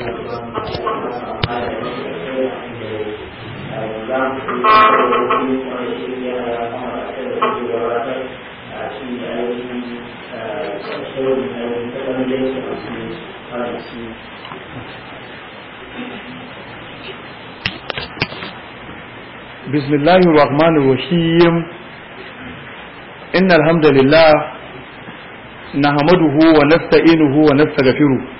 بسم الله الرحمن الرحيم إن الحمد لله نحمده ونستعينه ونستغفره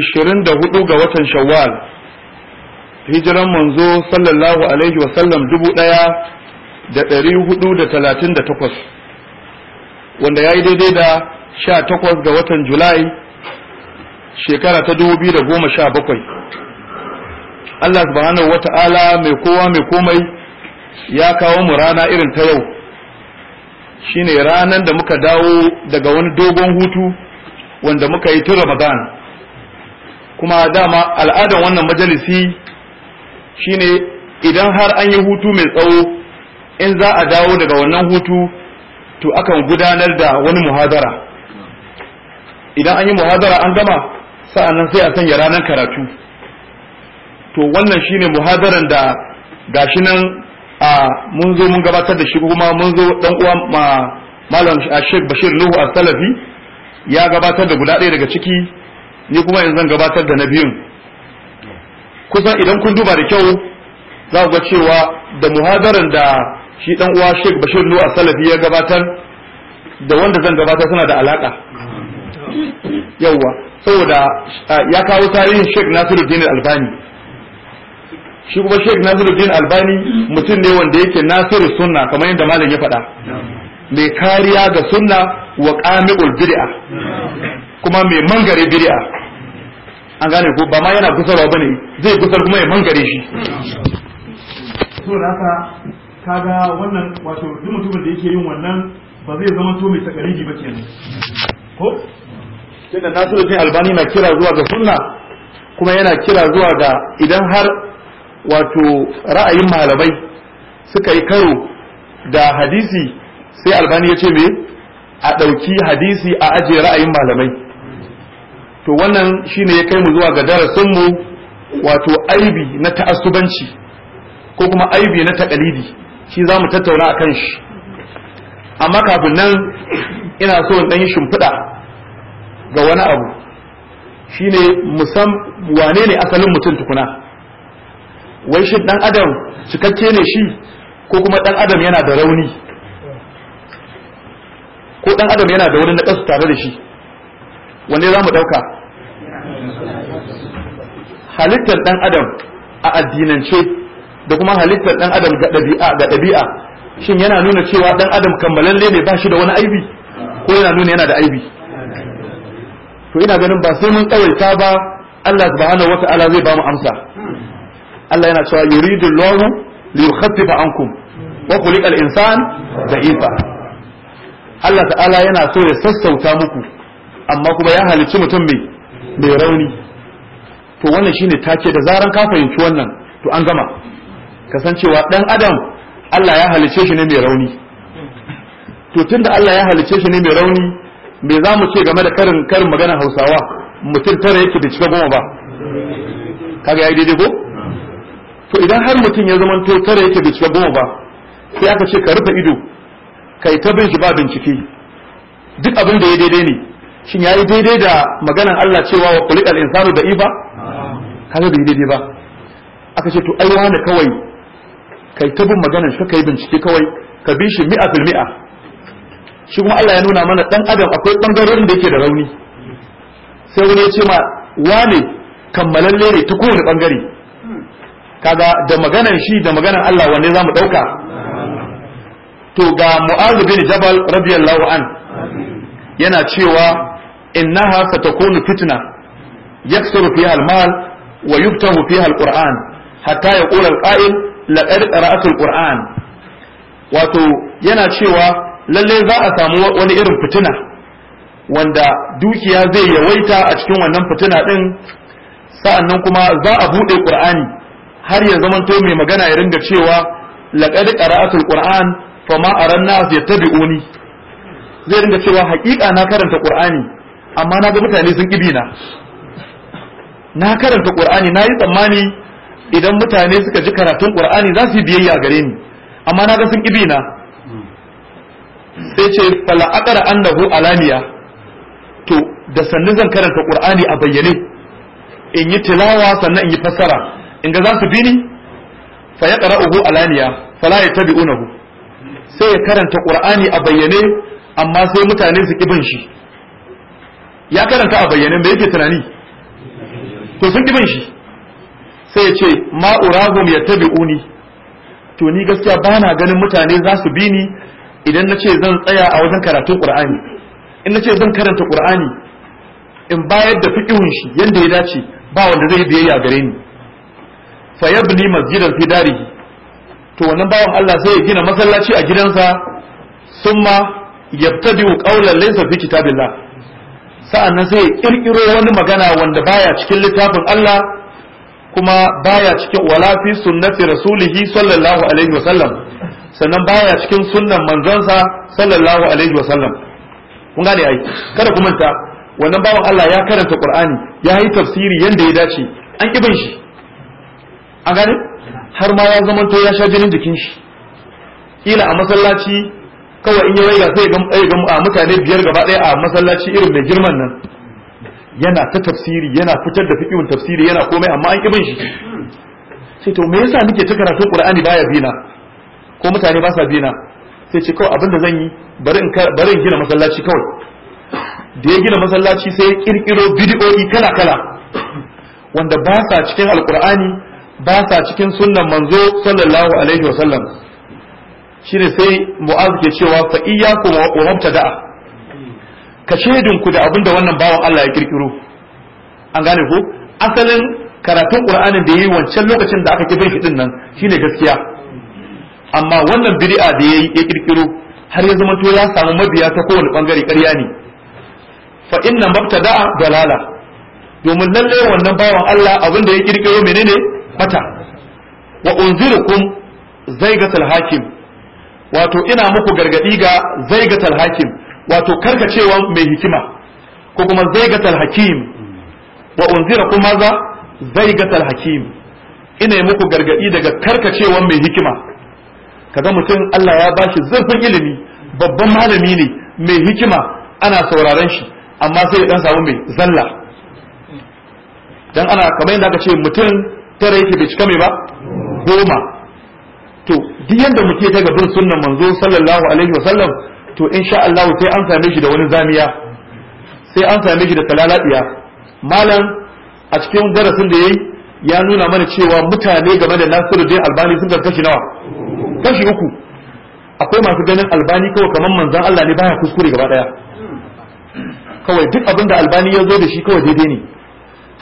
24 ga watan shawwal hijiran manzo sallallahu alaihi sallam dubu ɗaya da ɗari wanda ya yi daidai da sha takwas ga watan julai shekara ta dubu sha bakwai allah subhanahu wa ta'ala mai kowa mai komai ya kawo mu rana irin ta yau shine ranar da muka dawo daga wani dogon hutu wanda muka yi tun ramadan kuma dama al'adan wannan majalisi shine idan har an yi hutu mai tsawo in za a dawo daga wannan hutu to akan gudanar da wani muhadara idan an yi muhadara an gama nan sai a sanya ranar karatu to wannan shine muhadaran da gashi nan a mun zo mun gabatar da shi kuma mun zo dan uwa ma malam Sheikh Bashir Nuhu a salafi ya gabatar da guda ɗaya daga ciki ni kuma yanzu zan gabatar da na biyun kusan idan kun duba da kyau za ku ga cewa da muhadaran da shi dan uwa Sheikh Bashir Nuhu Salafi ya gabatar da wanda zan gabatar suna da alaka yawa saboda ah, ya kawo tarihin Sheikh Nasiruddin Albani shi kuma Sheikh Nasiruddin Albani mutum ne wanda yake Nasiru Sunna kamar yadda malam ya faɗa mai kariya ga sunna wa qami'ul bid'a kuma mai mangare bid'a an gane ko ba ma yana gusarwa ba ne zai gusar kuma ya mangare shi da haka kaga wannan wato duk mutumin da yake yin wannan ba zai zama to mai takariji ba kenan ko tunda Nasiruddin Albani na kira zuwa ga sunna kuma yana kira zuwa ga idan har wato ra'ayin malamai suka yi karo da hadisi sai Albani ya ce me a ɗauki hadisi a ajiye ra'ayin malamai to wannan shine ya kai mu zuwa ga darasin mu wato aibi na ta'assubanci ko kuma aibi na takalidi shi za mu tattauna akan shi amma kafin nan ina so in yi shimfiɗa ga wani abu shine musam wane ne asalin mutum tukuna wai shi dan adam cikakke ne shi ko kuma dan adam yana da rauni ko dan adam yana da wani nakasu tare da shi wanne za mu ɗauka halittar ɗan adam a addinance da kuma halittar ɗan adam ga ɗabi'a ga ɗabi'a shin yana nuna cewa ɗan adam kammalalle ne ba shi da wani aibi ko yana nuna yana da aibi to ina ganin ba sai mun kawaita ba Allah subhanahu wata'ala zai ba mu amsa Allah yana cewa yuridu Allahu li yukhaffifa ankum wa khuliqa al-insan da'ifa Allah ta'ala yana so ya sassauta muku amma kuma ya halicci mutum mai mai rauni to wannan shine take da zaran ka fahimci wannan to an gama kasancewa dan adam Allah ya halicce shi ne mai rauni to tunda Allah ya halicce shi ne mai rauni me za mu ce game da karin karin magana Hausawa mutum tara yake da cika goma ba kaga yayi daidai ko to idan har mutum ya zama to tara yake da cika goma ba sai aka ce ka rufe ido kai ta bin shi ba bincike duk abin da ya daidai ne shin ya yi daidai da maganan Allah cewa wa kulikal insanu da ifa kaga bai daidai ba aka ce to ai wani kawai kai ta bin maganan shi kai bincike kawai ka bi shi mi'a fil mi'a shi kuma Allah ya nuna mana ɗan adam akwai bangarorin da yake da rauni sai wani ya ce ma wane kammalalle ne ta kowane bangare kaga da maganan shi da maganan Allah wanne zamu ɗauka? to ga mu'azibin jabal radiyallahu an yana cewa innaha satakunu fitna yaksaru fiha almal wa yuktahu fiha alquran hatta yaqula alqa'il laqad qara'atu wato yana cewa lallai za a samu wani irin fitina wanda dukiya zai yawaita a cikin wannan fitina ɗin sa'annan kuma za a buɗe ƙur'ani. har ya zamanto mai magana ya ringa cewa laqad qara'atu alquran fama aran nas yattabi'uni zai ringa cewa haƙiƙa na karanta ƙur'ani. amma na ga mutane sun ƙi na na karanta ƙur'ani na yi tsammani idan mutane suka ji karatun ƙur'ani za su yi biyayya gare ni amma na ga sun ƙi na sai ce fala aqara annahu alaniya to da sannu zan karanta ƙur'ani a bayyane in yi tilawa sannan in yi fassara in ga za su bi ni fa ya qara'uhu alaniya fala yattabi'unahu sai ya karanta ƙur'ani a bayyane amma sai mutane su kibin shi ya karanta a bayyane me yake tunani to sun kiban shi sai ya ce ya tabi uni? to ni gaskiya bana ganin mutane za su bi ni idan na ce zan tsaya a wajen karatun qur'ani in ce zan karanta qur'ani in bayar da fiqhun shi yanda ya dace ba wanda zai biyayya gare ni fa yabni masjidan fi darihi to wannan bawan Allah sai ya gina masallaci a gidansa summa yabtadi qawlan laysa fi kitabillah sa'annan sai kirkiro wani magana wanda baya cikin littafin Allah kuma baya cikin wala fi sunnati rasulihi sallallahu alaihi wa sallam sannan baya cikin sunnan manzonsa sallallahu alaihi wa sallam kun gane ai kada ku manta wannan bawan Allah ya karanta Qur'ani ya yi tafsiri yanda ya dace an kibin shi an gane har ma ya zamanto ya sha jinin jikin shi kila a masallaci kawai in ya waiga sai ga eh, ah, mutane biyar gaba ɗaya a masallaci irin mai girman nan yana ta tafsiri yana fitar da fiqhun tafsiri yana komai amma an kibin shi sai to me yasa muke ta karatun qur'ani baya bina ko mutane ba sa bina sai ce kawai abinda zan yi bari in bari in gina masallaci kawai da ya gina masallaci sai ya kirkiro bidiyoyi kala kala wanda ba sa cikin alqur'ani ba sa cikin sunnan manzo sallallahu alaihi wasallam shine sai mu'az ke cewa fa iyyakum wa mubtada'a ka shedin ku da abinda wannan bawan Allah ya kirkiro an gane ko asalin karatun qur'anin da yayi wancan lokacin da aka bin shi nan shine gaskiya amma wannan bid'a da yayi ya kirkiro har ya zama to ya samu mabiya ta kowane bangare ƙarya ne fa inna mubtada'a dalala domin lalle wannan bawan Allah abinda ya kirkiro menene fata wa unzirukum zaigatul hakim wato ina muku gargadi ga zaigatal hakim wato karkacewa mai hikima ko kuma zaigatal hakim wa unzira kuma za zaigatal hakim ina muku gargadi daga karkacewa mai hikima kaga mutum Allah ya bashi zurfin ilimi babban malami ne mai hikima ana sauraron shi amma sai ya dan samu mai zalla dan ana kamar yadda aka ce mutum tare yake bai cika mai ba goma duk yadda muke daga bin sunnan manzo sallallahu alaihi wa sallam, to sha Allah sai an same shi da wani zamiya sai an same shi da talalabiya malam a cikin darasin da yayi ya nuna mana cewa mutane game da Nasiruddin Albani sun ga kashi nawa kashi uku akwai masu ganin Albani kawai kamar manzon Allah ne baya kuskure gaba daya kawai duk abinda Albani ya zo da shi kawai daidai ne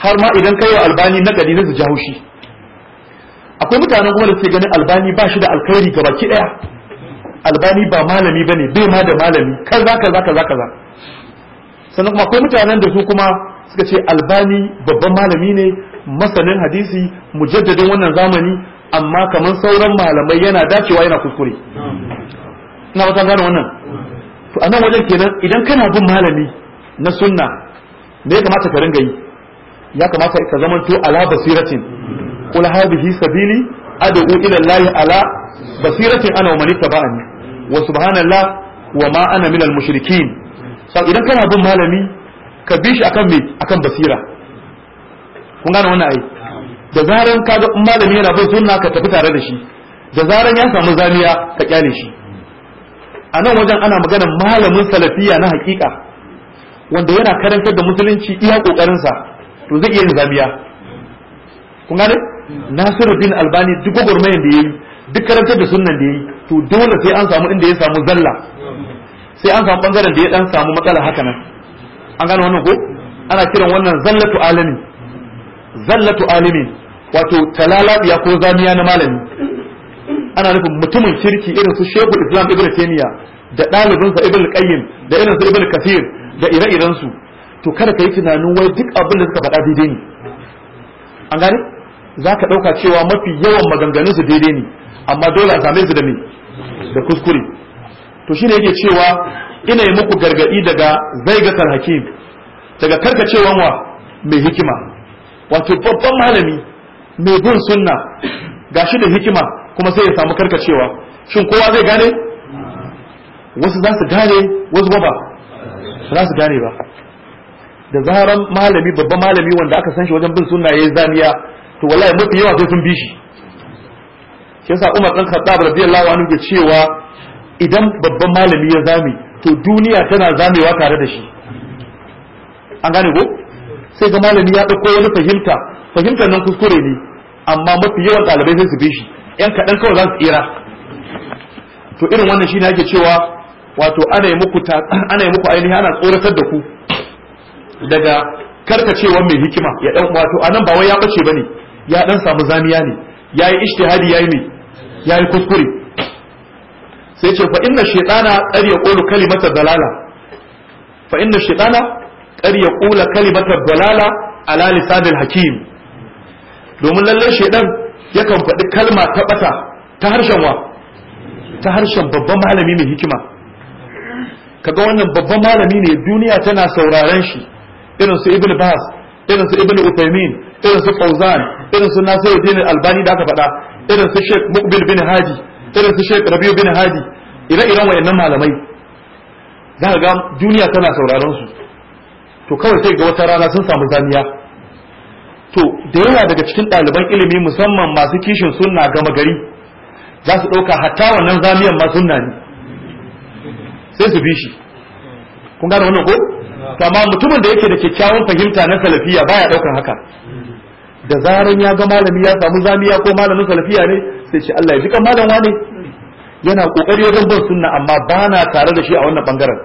har ma idan kai wa Albani na gari su ji haushi akwai mutanen kuma da suke ganin albani ba shi da alkhairi ga baki daya albani ba malami ba ne bai ma da malami kaza kaza kaza kaza sannan kuma akwai mutanen da su kuma suka ce albani babban malami ne masanin hadisi mujaddadin wannan zamani amma kamar sauran malamai yana dacewa yana kuskure ina wata gane wannan to anan wajen kenan idan kana bin malami na sunna me ya kamata ka ringa yi ya kamata ka zamanto ala basiratin qul hadhihi sabili ad'u ila allahi ala basiratin ana wa man ittaba'ani wa subhanallah wa ma mushrikin so idan kana bin malami ka bi shi akan me akan basira kun gane wannan da zaran malami yana bin sunna ka tafi tare da shi da zaran ya samu zamiya ka kyale shi a wajen ana maganar malamin salafiya na hakika wanda yana karantar da musulunci iya kokarinsa to zai iya yin zamiya kun gane Nasiruddin Albani duk gwagwarmayar da yayi duk karantar da sunnan da ya yi to dole sai an samu inda ya samu zalla sai an samu bangaren da ya dan samu matsala haka nan an gane wannan ko ana kiran wannan zallatu alimi zallatu alimi wato talalabiya ko zamiya na malami ana nufin mutumin kirki irin su Shehu Islam Ibn taymiya da ɗalibinsa Ibn Qayyim da irin su Ibn Kathir da ire-iren su to kada ka yi tunanin wai duk abin da suka faɗa daidai ne an gane za ka ɗauka cewa mafi yawan maganganunsu daidai ne amma dole a same su da me da kuskure to shi ne yake cewa ina yi muku gargaɗi daga zai ga hakim daga karkacewan wa mai hikima wato babban malami mai bin sunna shi da hikima kuma sai ya samu karkacewa shin kowa zai gane wasu za su gane wasu ba za su gane ba da zaran malami babban malami wanda aka san shi wajen bin sunna yi zaniya to wallahi mafi yawa sai sun bi shi shi yasa Umar dan Khattab radiyallahu anhu ke cewa idan babban malami ya zame to duniya tana zamewa tare da shi an gane ko sai ga malami ya dauko wani fahimta fahimtar nan kuskure ne amma mafi yawan dalibai sai su bi shi yan kaɗan kawai za su tsira to irin wannan shine ake cewa wato ana yi muku ana yi muku ainihi ana tsoratar da ku daga karkacewa mai hikima ya dan wato anan ba wai ya bace bane ya dan samu zamiya ne yayi yi yayi ya yi kuskure sai ce fa inna shaytana qad yaqulu kalimata dalala fa inna shaytana qad yaqulu kalimata dalala ala lisanil hakim domin lallai shaydan yakan faɗi kalma ta bata ta harshen wa ta harshen babban malami mai hikima kaga wannan babban malami ne duniya tana sauraren shi irin su ibn bas irin su ibn irin su Fauzan irin su Nasiruddin Albani da aka faɗa irin su Sheikh Mukbil bin Hadi irin su Sheikh Rabiu bin Hadi ire-iren wayannan malamai za ga duniya tana sauraron su to kawai sai ga wata rana sun samu zaniya to da yawa daga cikin ɗaliban ilimi musamman masu kishin sunna gama gari za su ɗauka hatta wannan zamiyan ma sunna ne sai su bi shi kun gane wannan ko amma mutumin da yake da kyakkyawan fahimta na salafiya baya ɗaukar haka da zaran ya ga malami ya samu zamiya ko malamin salafiya ne sai ce Allah ya ji kan malam wane yana kokari wajen bin sunna amma ba na tare da shi a wannan bangaren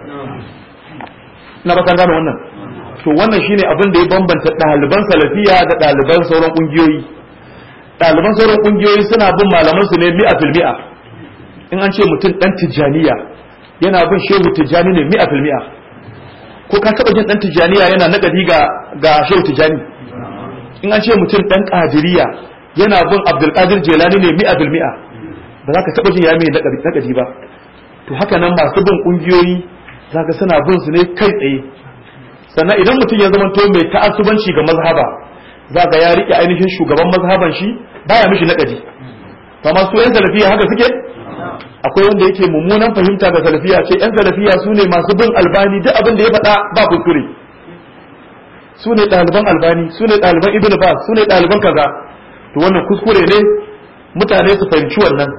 na ba gane wannan to wannan shine abin da ya bambanta ɗaliban salafiya da ɗaliban sauran ƙungiyoyi ɗaliban sauran kungiyoyi suna bin malaman su ne mi'a fil in an ce mutum ɗan Tijaniya yana bin shehu Tijani ne mi'a fil ko ka taɓa jin ɗan Tijaniya yana nagari ga ga shehu Tijani? in an ce mutum ɗan kadiriya yana bin abdulkadir jelani ne mi'a bil mi'a ba za ka taɓa jin ya mai nakadi ba to haka nan masu bin ƙungiyoyi za ka suna bin su ne kai tsaye sannan idan mutum ya zama to mai ta'assubanci ga mazhaba za ka ya riƙe ainihin shugaban mazhaban shi baya mishi nakadi kamar masu yan salafiya haka suke akwai wanda yake mummunan fahimta ga salafiya ce yan salafiya su ne masu bin albani duk abin da ya faɗa ba kuskure su ne ɗaliban albani su ne ɗaliban ibn ba su ne ɗaliban kaza to wannan kuskure ne mutane su fahimci wannan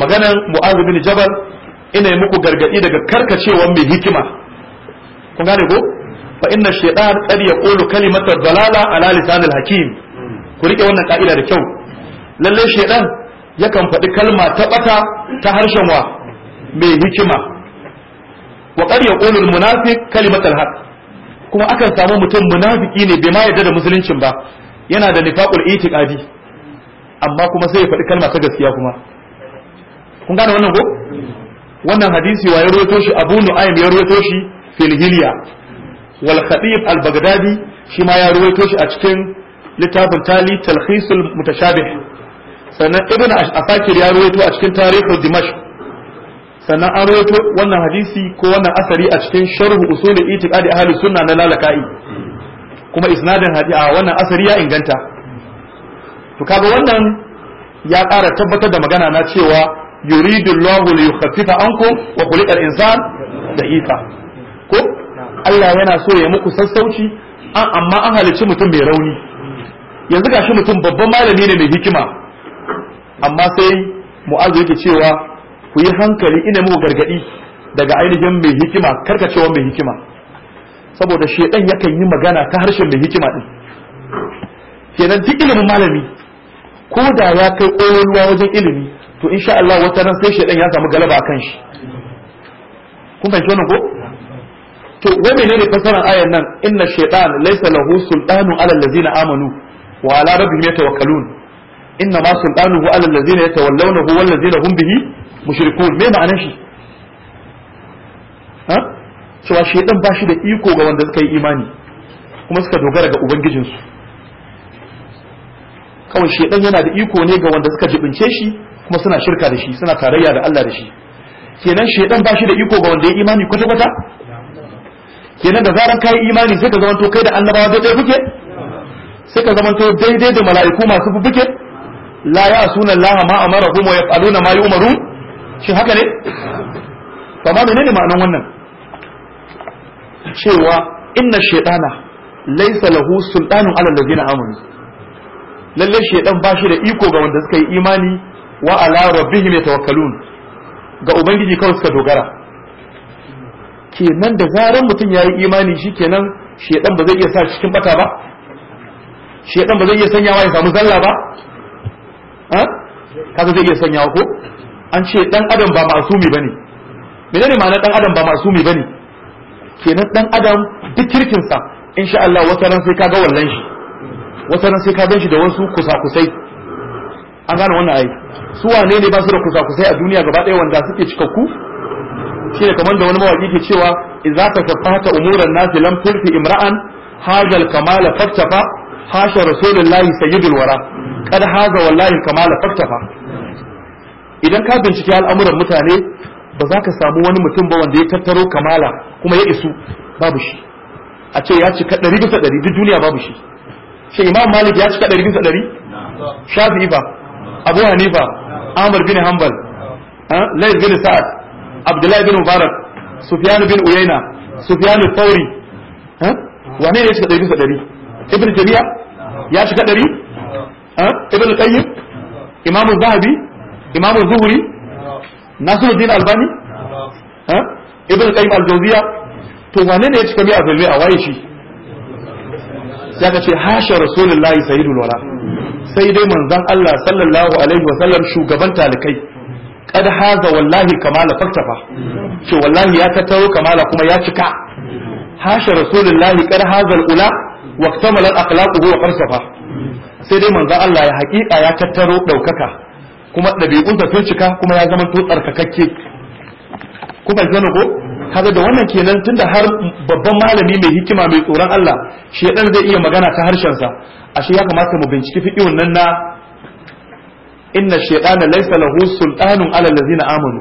maganan mu'azu bin jabal ina yi muku gargaɗi daga karkacewa mai hikima kun gane ko fa inna shaytan qad yaqulu kalimata dalala ala lisanil hakim ku rike wannan ka'ida da kyau lalle shaytan yakan faɗi kalma ta bata ta harshen wa mai hikima wa qad yaqulu al munafiq kalimatal kuma akan samu mutum munafiki ne bai ma yarda da musuluncin ba yana da nifaqul itiqadi amma kuma sai ya faɗi kalma ta gaskiya kuma kun gane wannan ko wannan hadisi wa ya ruwato shi Abu Nu'aym ya ruwato shi fil Hilya wal Khatib al Baghdadi shi ma ya rawaito shi a cikin littafin Tali Talkhisul Mutashabih sannan Ibn Asakir ya rawaito a cikin tarikhul Dimashq sannan an rawaito wannan hadisi ko wannan asari a cikin sharhu usul itiqadi ahli sunna na lalaka'i kuma isnadin hadisi a wannan asari ya inganta to kaga wannan ya ƙara tabbatar da magana na cewa yuridu Allahu li yukhaffifa ankum wa khuliqa al-insan da'ifa ko Allah yana so ya muku sassauci an amma an halici mutum mai rauni yanzu gashi mutum babban malami ne mai hikima amma sai mu'azu yake cewa ku yi hankali ina muku gargadi daga ainihin mai hikima karkacewa mai hikima saboda shedan yakan yi magana ta harshen mai hikima din kenan duk ilimin malami ko da ya kai ƙololuwa wajen ilimi to insha Allah wata ran sai shedan ya samu galaba akan shi kun fahimci wannan ko to wai menene fasaran ayan nan inna shaytan laysa lahu sultanu ala allazina amanu wa ala rabbihim yatawakkalun inna ma sultanuhu ala allazina yatawallawnahu wal ladzina hum bihi mushrikun me ma'anar shi ha cewa shedan ba shi da iko ga wanda suka yi imani kuma suka dogara ga ubangijinsu kawai shedan yana da iko ne ga wanda suka jibince shi kuma suna shirka da shi suna tarayya da Allah da shi kenan shedan ba shi da iko ga wanda ya imani kwata kwata kenan da zaran kai imani sai ka zamanto kai da annabawa daidai kuke sai ka zamanto daidai da mala'iku masu bubuke la ya suna Laha ma amara kuma ya faluna ma umaru? shi haka ne ba ma menene ma'anan wannan cewa inna shaytana laysa lahu sultanun ala allazina amanu lalle shaytan ba shi da iko ga wanda suka yi imani wa ala rabbihim yatawakkalun ga ubangiji kawai suka dogara kenan da zaran mutum ya yi imani shi kenan shaytan ba zai iya sa cikin bata ba shaytan ba zai iya sanyawa ya samu zalla ba kaga zai iya sanyawa ko an ce dan adam ba masumi bane menene ma'anar dan adam ba masumi bane kenan dan adam duk kirkin sa insha Allah wata ran sai ka ga wallan shi wata ran sai ka gan shi da wasu kusa-kusai an gane wannan ai su wane ne ba su da kusa-kusai a duniya gaba ɗaya wanda suke cikakku shine kamar da wani mawaki ke cewa idza tafaffata umuran nasi lam turfi imra'an hazal kamala faktafa hasha rasulullahi sayyidul wara kad haza wallahi kamala faktafa idan ka bincike al'amuran mutane ba za ka samu wani mutum ba wanda ya tattaro kamala kuma ya isu babu shi a ce ya cika ɗari bisa ɗari duk duniya babu shi shi imam malik ya cika ɗari bisa ɗari shafi'i ba abu hanifa amur bin hanbal lais bin sa'ad abdullahi bin mubarak sufyan bin uyaina sufyan al wane ne ya cika ɗari bisa ɗari ibn jami'a ya cika ɗari ibn qayyim imam zahabi imamu zuhuri nasiruddin albani eh, ibn qayyim al-jawziya to wane ne ya cika miya filmi a waye shi sai ka ce hasha rasulullahi sayyidul wala sai dai manzon Allah sallallahu alaihi wa sallam shugaban talikai kad haza wallahi kamala faktafa ce wallahi ya tattaro kamala kuma ya cika hasha rasulullahi kad haza al-ula wa aktamala al-akhlaquhu wa falsafa sai dai manzon Allah ya hakika ya tattaro daukaka kuma ɗabi'unsa sun cika kuma ya zama to tsarkakakke ku bai zana ko kaga da wannan kenan tunda har babban malami mai hikima mai tsoron Allah shedan zai iya magana ta harshen sa. ashe ya kamata mu binciki fiqihun nan na inna shaytana laysa lahu sultanun ala allazina amanu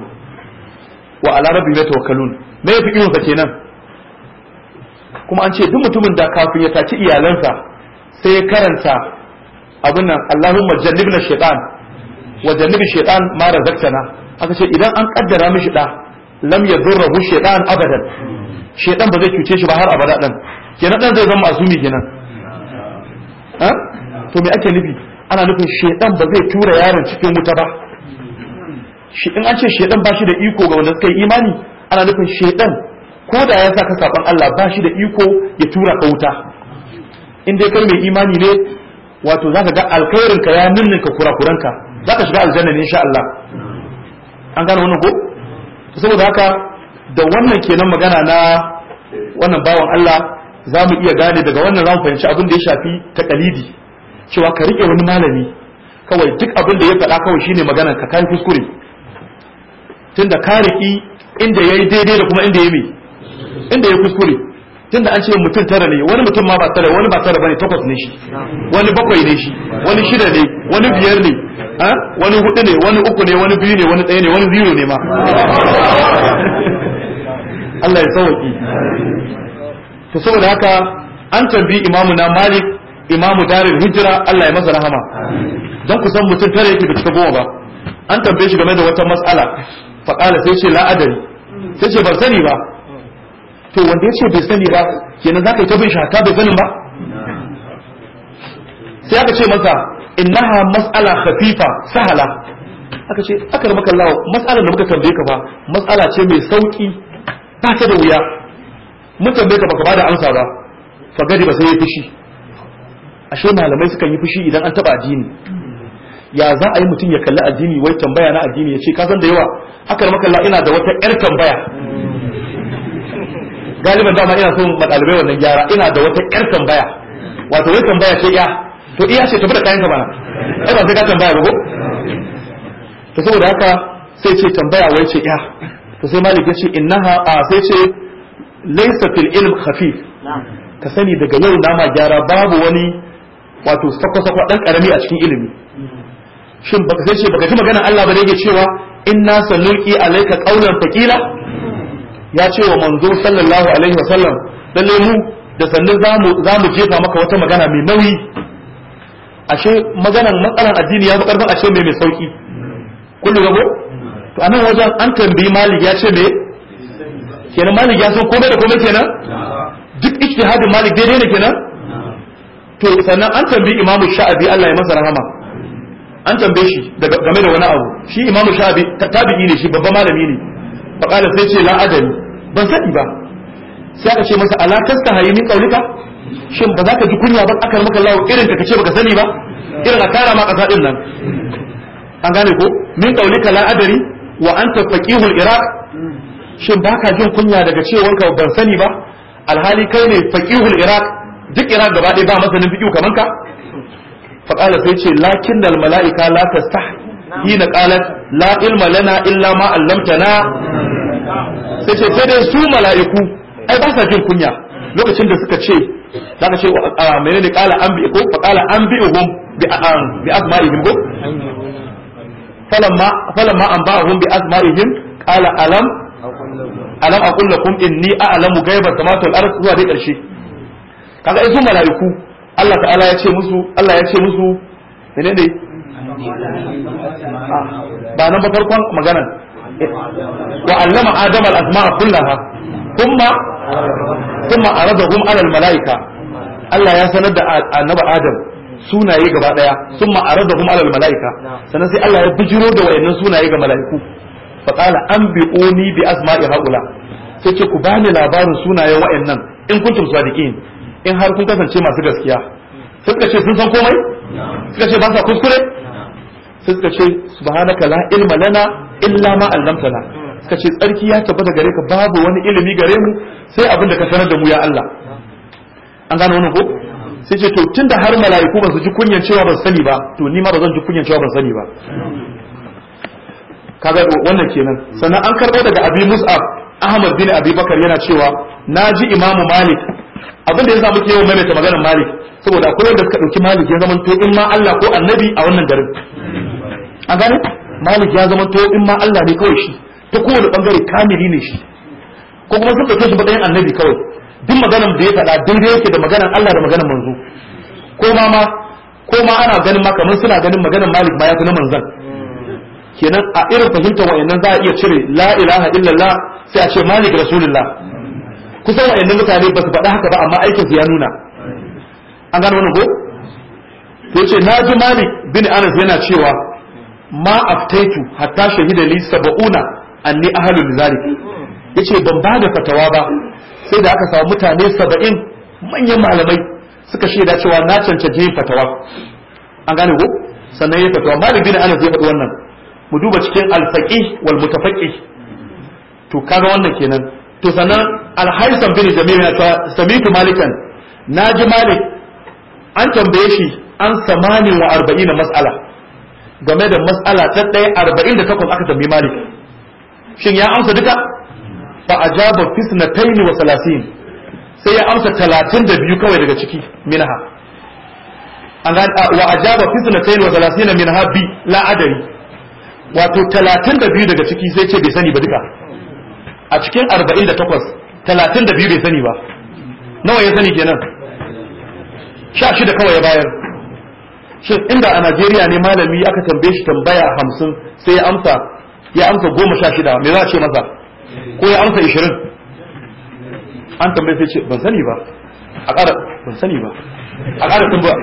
wa ala rabbihim yatawakkalun me ya fiqihun sa kenan kuma an ce duk mutumin da kafin ya taci iyalansa sai ya karanta abin nan Allahumma jannibna shaytana wajen nufi shaidan mara zartana aka ce idan an kaddara mishi da lam yadurruhu shaidan abadan shaidan ba zai cuce shi ba har abada dan kenan dan zai zama masumi kenan ha to me ake nufi ana nufin shaidan ba zai tura yaron cikin wuta ba shi in an ce shaidan ba shi da iko ga wanda suka yi imani ana nufin shaiɗan ko da ya saka saban Allah ba shi da iko ya tura ka wuta in dai kai mai imani ne wato zaka ga alkhairin ka ya ninninka kurakuranka za ka shiga aljanna ne insha Allah an gane wannan ko saboda haka da wannan kenan magana na wannan bawan Allah za mu iya gane daga wannan za mu fahimci abin da ya shafi ta takalidi cewa ka rike wani malami kawai duk abin da ya faɗa kawai shine magana ka kai kuskure tunda ka riki inda yayi daidai da kuma inda yayi inda yayi kuskure tunda an ce mutum tara ne wani mutum ma ba tara wani ba tara bane takwas ne shi wani bakwai ne shi wani shida ne wani biyar ne a wani hudu ne wani uku ne wani biyu ne wani ɗaya ne wani zero ne ma Allah ya sauki to saboda haka an tambayi imamu na Malik imamu Darul Hijra Allah ya masa rahama dan san mutum tara yake bata cika goma ba an tambaye shi game da wata mas'ala faqala sai ce la adari sai ce ban sani ba to wanda ya ce bai sani ba kenan za ka yi ta bin shaka bai sanin ba sai aka ce masa innaha mas'ala khafifa sahala aka ce aka maka Allah mas'ala da muka tambaye ka ba mas'ala ce mai sauki ba ta da wuya mun tambaye ka baka bada amsa ba fa gadi ba sai ya fushi ashe malamai sukan yi fushi idan an taba addini ya za a yi mutum ya kalli addini wai tambaya na addini ya ce ka san da yawa aka maka Allah ina da wata yar tambaya galiban dama ina son matalibai wannan gyara ina da wata ƴar tambaya wato wai tambaya ce ya to iya ce tafi da kayan ka bana ai ba sai ka tambaya ba ko to saboda haka sai ce tambaya wai ce ya to sai malik ya ce innaha a sai ce laysa fil ilm khafif ka sani daga yau na gyara babu wani wato sako-sako dan karami a cikin ilimi shin baka sai ce baka ji magana Allah ba da yake cewa inna sanulqi alayka qawlan thaqila ya ce wa manzo sallallahu alaihi wasallam lalle mu da sannan za mu jefa maka wata magana mai nauyi ashe maganan matsalan addini ya fi karfin ashe mai mai sauki kullu gabo to anan wajen an tambayi malik ya ce me kenan malik ya san komai da komai kenan duk ijtihadin malik daidai ne kenan to sannan an tambayi imamu sha'abi Allah ya masa rahama an tambaye shi game da wani abu shi imamu sha'abi tabi'i ne shi babban malami ne faqala sai ce la adami ban sani ba sai aka ce masa ala tasta hayi min qaulika shin ba za ka ji kunya ba aka maka lawo irin ka kace baka sani ba irin a tara ma kasa din nan an gane ko min qaulika la adari wa anta faqihul iraq shin ba ka jin kunya daga ka ban sani ba alhali kai ne faqihul iraq duk iraq gaba ɗaya ba masanin fiqhu kaman ka faqala sai ce lakin dal malaika la tastah hina qalat la ilma lana illa ma allamtana ce sai dai su mala'iku ai ba sa jin kunya lokacin da suka ce ka ce menene kala an bi'u ko kala an bi'uhum bi bi asma'ihim ko falamma falamma an ba'uhum bi asma'ihim kala alam alam aqul lakum inni a'lamu ghaiba samawati wal ardi zuwa dai karshe kaga ai su mala'iku Allah ta'ala ya ce musu Allah ya ce musu menene ah, ba nan ba farkon maganar وعلم آدم الأسماء كلها ثم ثم أردهم على الملائكة الله يا سند النبي آدم sunaye gaba sun ma'arar da kuma alal mala'ika sannan sai Allah ya bijiro da wayannan sunaye ga mala'iku fa qala anbi'uni bi asma'i haula sai ce ku bani labarin sunayen wayannan in kuntum sadiqin in har kun kasance masu gaskiya suka ce sun san komai suka ce ba sa kuskure sai suka ce subhanaka la ilma lana illa ma 'allamtana suka ce tsarki ya tabbata gare ka babu wani ilimi gare mu sai abin da ka sanar da mu ya Allah an gano wannan ko sai ce to tunda har mala'iku ba su ji kunyan cewa ban sani ba to ni ma ba zan ji kunyan cewa ban sani ba kaga wannan kenan sannan an karbo daga abi mus'ab ahmad bin abi bakar yana cewa naji imamu malik abinda ya samu kewa maimaita maganar malik saboda akwai wanda suka dauki malik ya zama to in ma Allah ko annabi a wannan garin a gane malik ya zama to in ma Allah ne kawai shi ta kowane bangare kamili ne shi ko kuma sun ɗauke shi matsayin annabi kawai duk maganar da ya faɗa daidai yake da maganar Allah da maganar manzo ko ma ma ko ma ana ganin ma kamar suna ganin maganar malik ma ya fi na manzan. kenan a irin fahimta wa'annan za a iya cire la ilaha illallah sai a ce malik rasulullah kusan wa'annan mutane ba su faɗa haka ba amma su ya nuna an gano wannan ko ce na ji malik bin anas yana cewa ma aftaitu hatta shahida li sab'una anni ahlu lidhalik yace ban ba da fatawa ba sai da aka samu mutane 70 manyan malamai suka shaida cewa na cancanci yin fatawa an gane ko sannan yayin fatawa malik bin anas ya faɗi wannan mu duba cikin al-faqih wal mutafaqih to kaga wannan kenan to sannan al-haisam bin jamil ya ta samitu malikan naji malik an tambaye shi an samani wa arba'ina mas'ala game da mas'ala ta ɗaya arba'in da takwas aka tambi malik shin ya amsa duka fa ajaba taini wa salasin sai ya amsa talatin da biyu kawai daga ciki minha wa ajaba taini wa salasin minha bi la adari wato talatin da biyu daga ciki sai ce bai sani ba duka a cikin arba'in da takwas talatin da biyu bai sani ba nawa ya sani kenan sha shida kawai ya bayar shin inda a Najeriya ne malami aka tambaye shi tambaya hamsin sai ya amsa ya amsa goma sha shida me za a ce masa ko ya amsa ishirin an tambaye sai ce ban sani ba a ƙara ban sani ba a ƙara tambaya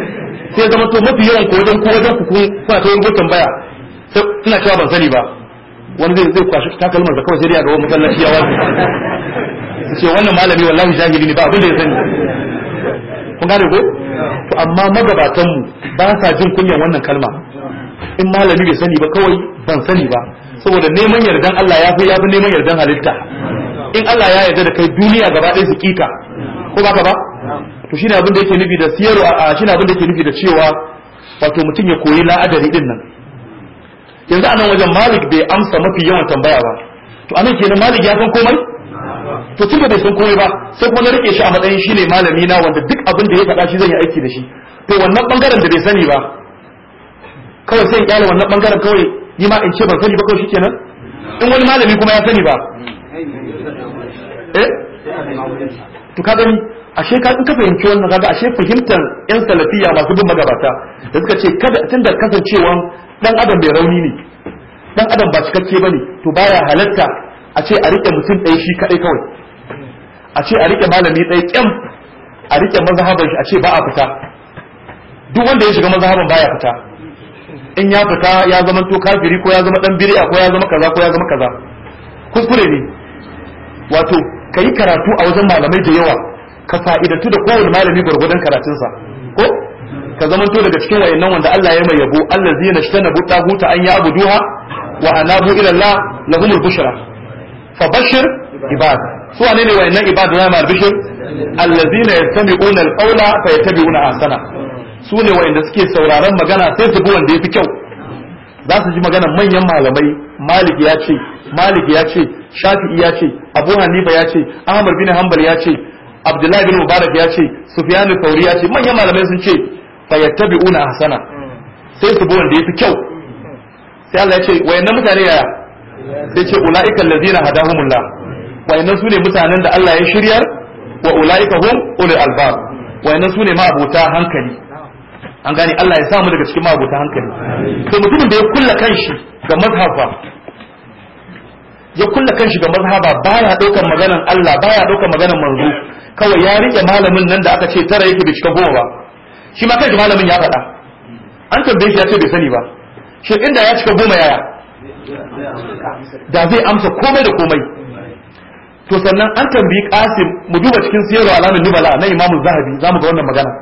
sai zama to mafi yawan ko wajen ko wajen ku kuna ta wurin tambaya suna cewa ban sani ba wani zai zai kwashi takalmar da kawai zai dai ga wani masallaci ya wasu su ce wannan malami wallahi jahili ne ba abin da ya sani kun gane ko to amma magabatan mu ba sa jin kunyan wannan kalma in malami bai sani ba kawai ban sani ba saboda neman yardan Allah ya fi yafi neman yardan halitta in Allah ya yarda da kai duniya gaba ɗaya su kika ko ba ka ba to shine abin da yake nufi da siyarwa a shine abin da yake nufi da cewa wato mutum ya koyi la'adari din nan yanzu anan wajen Malik bai amsa mafi yawan tambaya ba to anan kenan Malik ya san komai to tunda bai san komai ba sai kuma na rike shi a matsayin shi ne malami na wanda duk abin da ya faɗa shi zan yi aiki da shi to wannan bangaren da bai sani ba kawai sai in kyale wannan bangaren kawai ni ma in ce ban sani ba kawai shikenan in wani malami kuma ya sani ba eh to ka gani ashe ka in ka fahimci wannan kaga ashe fahimtar yan salafiya masu bin magabata da suka ce kada tunda kasancewan dan adam bai rauni ne dan adam ba cikakke bane to baya halatta a ce a rike mutum ɗaya shi kaɗai kawai a ce a rike malami ɗaya ƙyam a rike mazhaban shi a ce ba a fita duk wanda ya shiga mazhaban baya fita in ya fita ya zama to kafiri ko ya zama dan biri'a ko ya zama kaza ko ya zama kaza kuskure ne wato yi karatu a wajen malamai da yawa ka fa'idatu da kowane malami gwargwadon karatunsa ko ka zamanto daga cikin wayannan wanda Allah ya mai yabo Allah zai na shtanabu huta an ya abuduha wa anabu ila Allah lahumul bushra fa bashir ibad su wane ne wayannan ibadu na marbishir allazina yastami'una alqawla fa yattabi'una ahsana su ne wayanda suke sauraron magana sai su bi wanda yafi kyau za su ji magana manyan malamai malik ya ce malik ya ce shafi'i ya ce abu hanifa ya ce ahmad bin hanbal ya ce abdullahi bin mubarak ya ce sufyan al ya ce manyan malamai sun ce fa yattabi'una ahsana sai su bi wanda yafi kyau sai ya ce wayannan mutane yaya sai ce ula'ika allazina hadahumullah wayannan sune mutanen da Allah ya shiryar wa ula'ika hum ulul albab wayannan sune ma abota hankali an gane Allah ya samu daga cikin ma abota hankali to mutumin da ya kulla kanshi ga mazhaba ya kulla kanshi ga mazhaba baya daukar maganar Allah baya daukar maganar manzo kawai ya rike malamin nan da aka ce tara yake da cika goma ba shi ma kanshi malamin ya faɗa an tambaye shi ya ce bai sani ba shin inda ya cika goma yaya da zai amsa komai da komai to sannan an tambayi qasim mu duba cikin sirru alamin nubala na imamu zahabi zamu ga wannan magana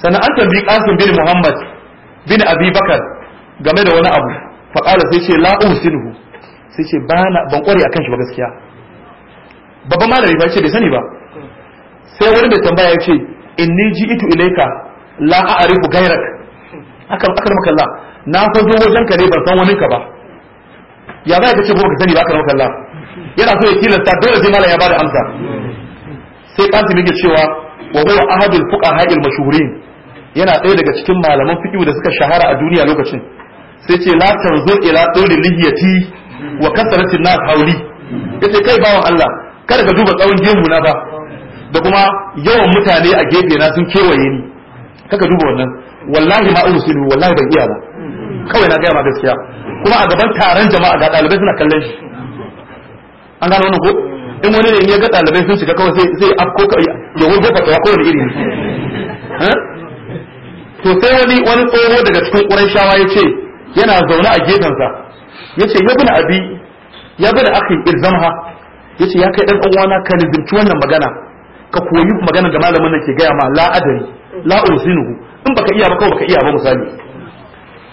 sannan an tambayi qasim bin muhammad bin abi bakar game da wani abu faqala sai ce la usinuhu sai ce bana ban kware akan shi ba gaskiya babban malami ba ce bai sani ba sai wani da tambaya ya ce inni itu ilaika la a'rifu gairak akan makalla na fa zo wajen ne ban san wani ka ba ya za ka ce ko ka sani ba ka rauka Allah yana so ya tilasta dole sai malam ya bada amsa sai kanti muke cewa wa huwa ahadul fuqaha al mashhurin yana ɗaya daga cikin malaman fiqh da suka shahara a duniya lokacin sai ce la tanzu ila tawli lihiyati wa kasratin nas hauli yace kai bawan Allah kada ka duba tsawon gemu na ba da kuma yawan mutane a gefe na sun kewaye ni kaka duba wannan wallahi ma usulu wallahi ban iya ba kawai na gaya ma gaskiya kuma a gaban taron jama'a ga ɗalibai suna kallon shi an gano wannan ko in wani ne ya ga ɗalibai sun shiga kawai sai afko ya wurgo fatawa kowane iri ne to sai wani wani tsoro daga cikin shawa ya ce yana zaune a gefensa ya ce ya bin abi ya bin akhi irzamha ya ce ya kai ɗan uwana ka lizimci wannan magana ka koyi magana da malamin nan ke gaya ma la adari la ursinuhu in baka iya ba kawai baka iya ba misali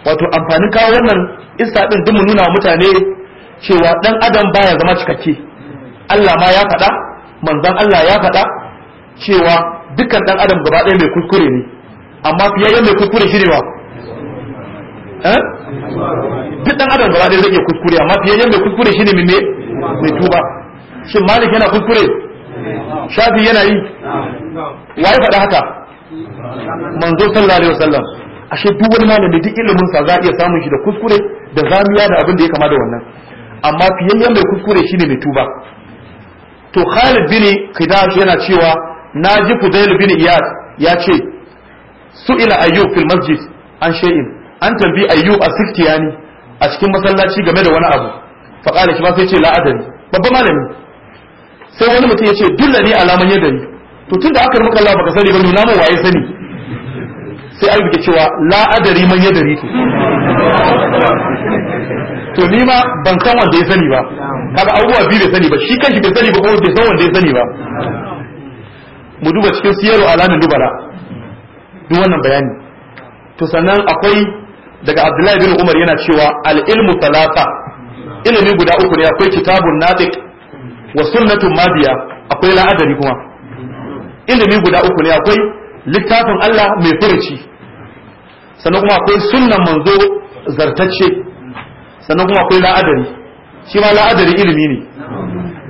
wato amfanin kawo wannan Isa din duk mu nuna mutane cewa dan adam baya zama cikakke Allah ma ya faɗa manzon Allah ya faɗa cewa dukkan dan adam gaba ɗaya mai kuskure ne amma fiyayyen mai kuskure shi ne ba eh? duk dan adam gaba ɗaya zai iya kuskure amma fiyayyen mai kuskure shi ne mai mai tuba shin malik yana kuskure shafi yana yi waye faɗa haka manzon sallallahu alaihi wasallam ashe duk wani malami duk ilimin sa za a iya samun shi da kuskure da zamiya da abin da ya kama da wannan amma fiyayyen mai kuskure shine mai tuba to Khalid bin Qidad yana cewa naji Fudail bin Iyad ya ce su'ila ayyub fil masjid an shay'in an tambi ayyub a siftiyani a cikin masallaci game da wani abu fa qala shi ma sai ce la adani babban malami sai wani mutum ya ce dullani alaman yadari to tunda aka maka Allah baka sani ba nuna mai waye sani sai an cewa la adari man ya dari to to ni ma ban san wanda ya sani ba kaga abubuwa biyu bai sani ba shi kanshi bai sani ba kuma bai san wanda ya sani ba mu duba cikin siyaru alamin dubara duk wannan bayani to sannan akwai daga abdullahi bin umar yana cewa al-ilmu talata ilimi guda uku ne akwai kitabun natiq wa sunnatun madiya akwai la'adari kuma ilimi guda uku ne akwai littafin Allah mai furuci sannan kuma akwai sunnan manzo zartacce sannan kuma akwai la'adari shi ma la'adari ilimi ne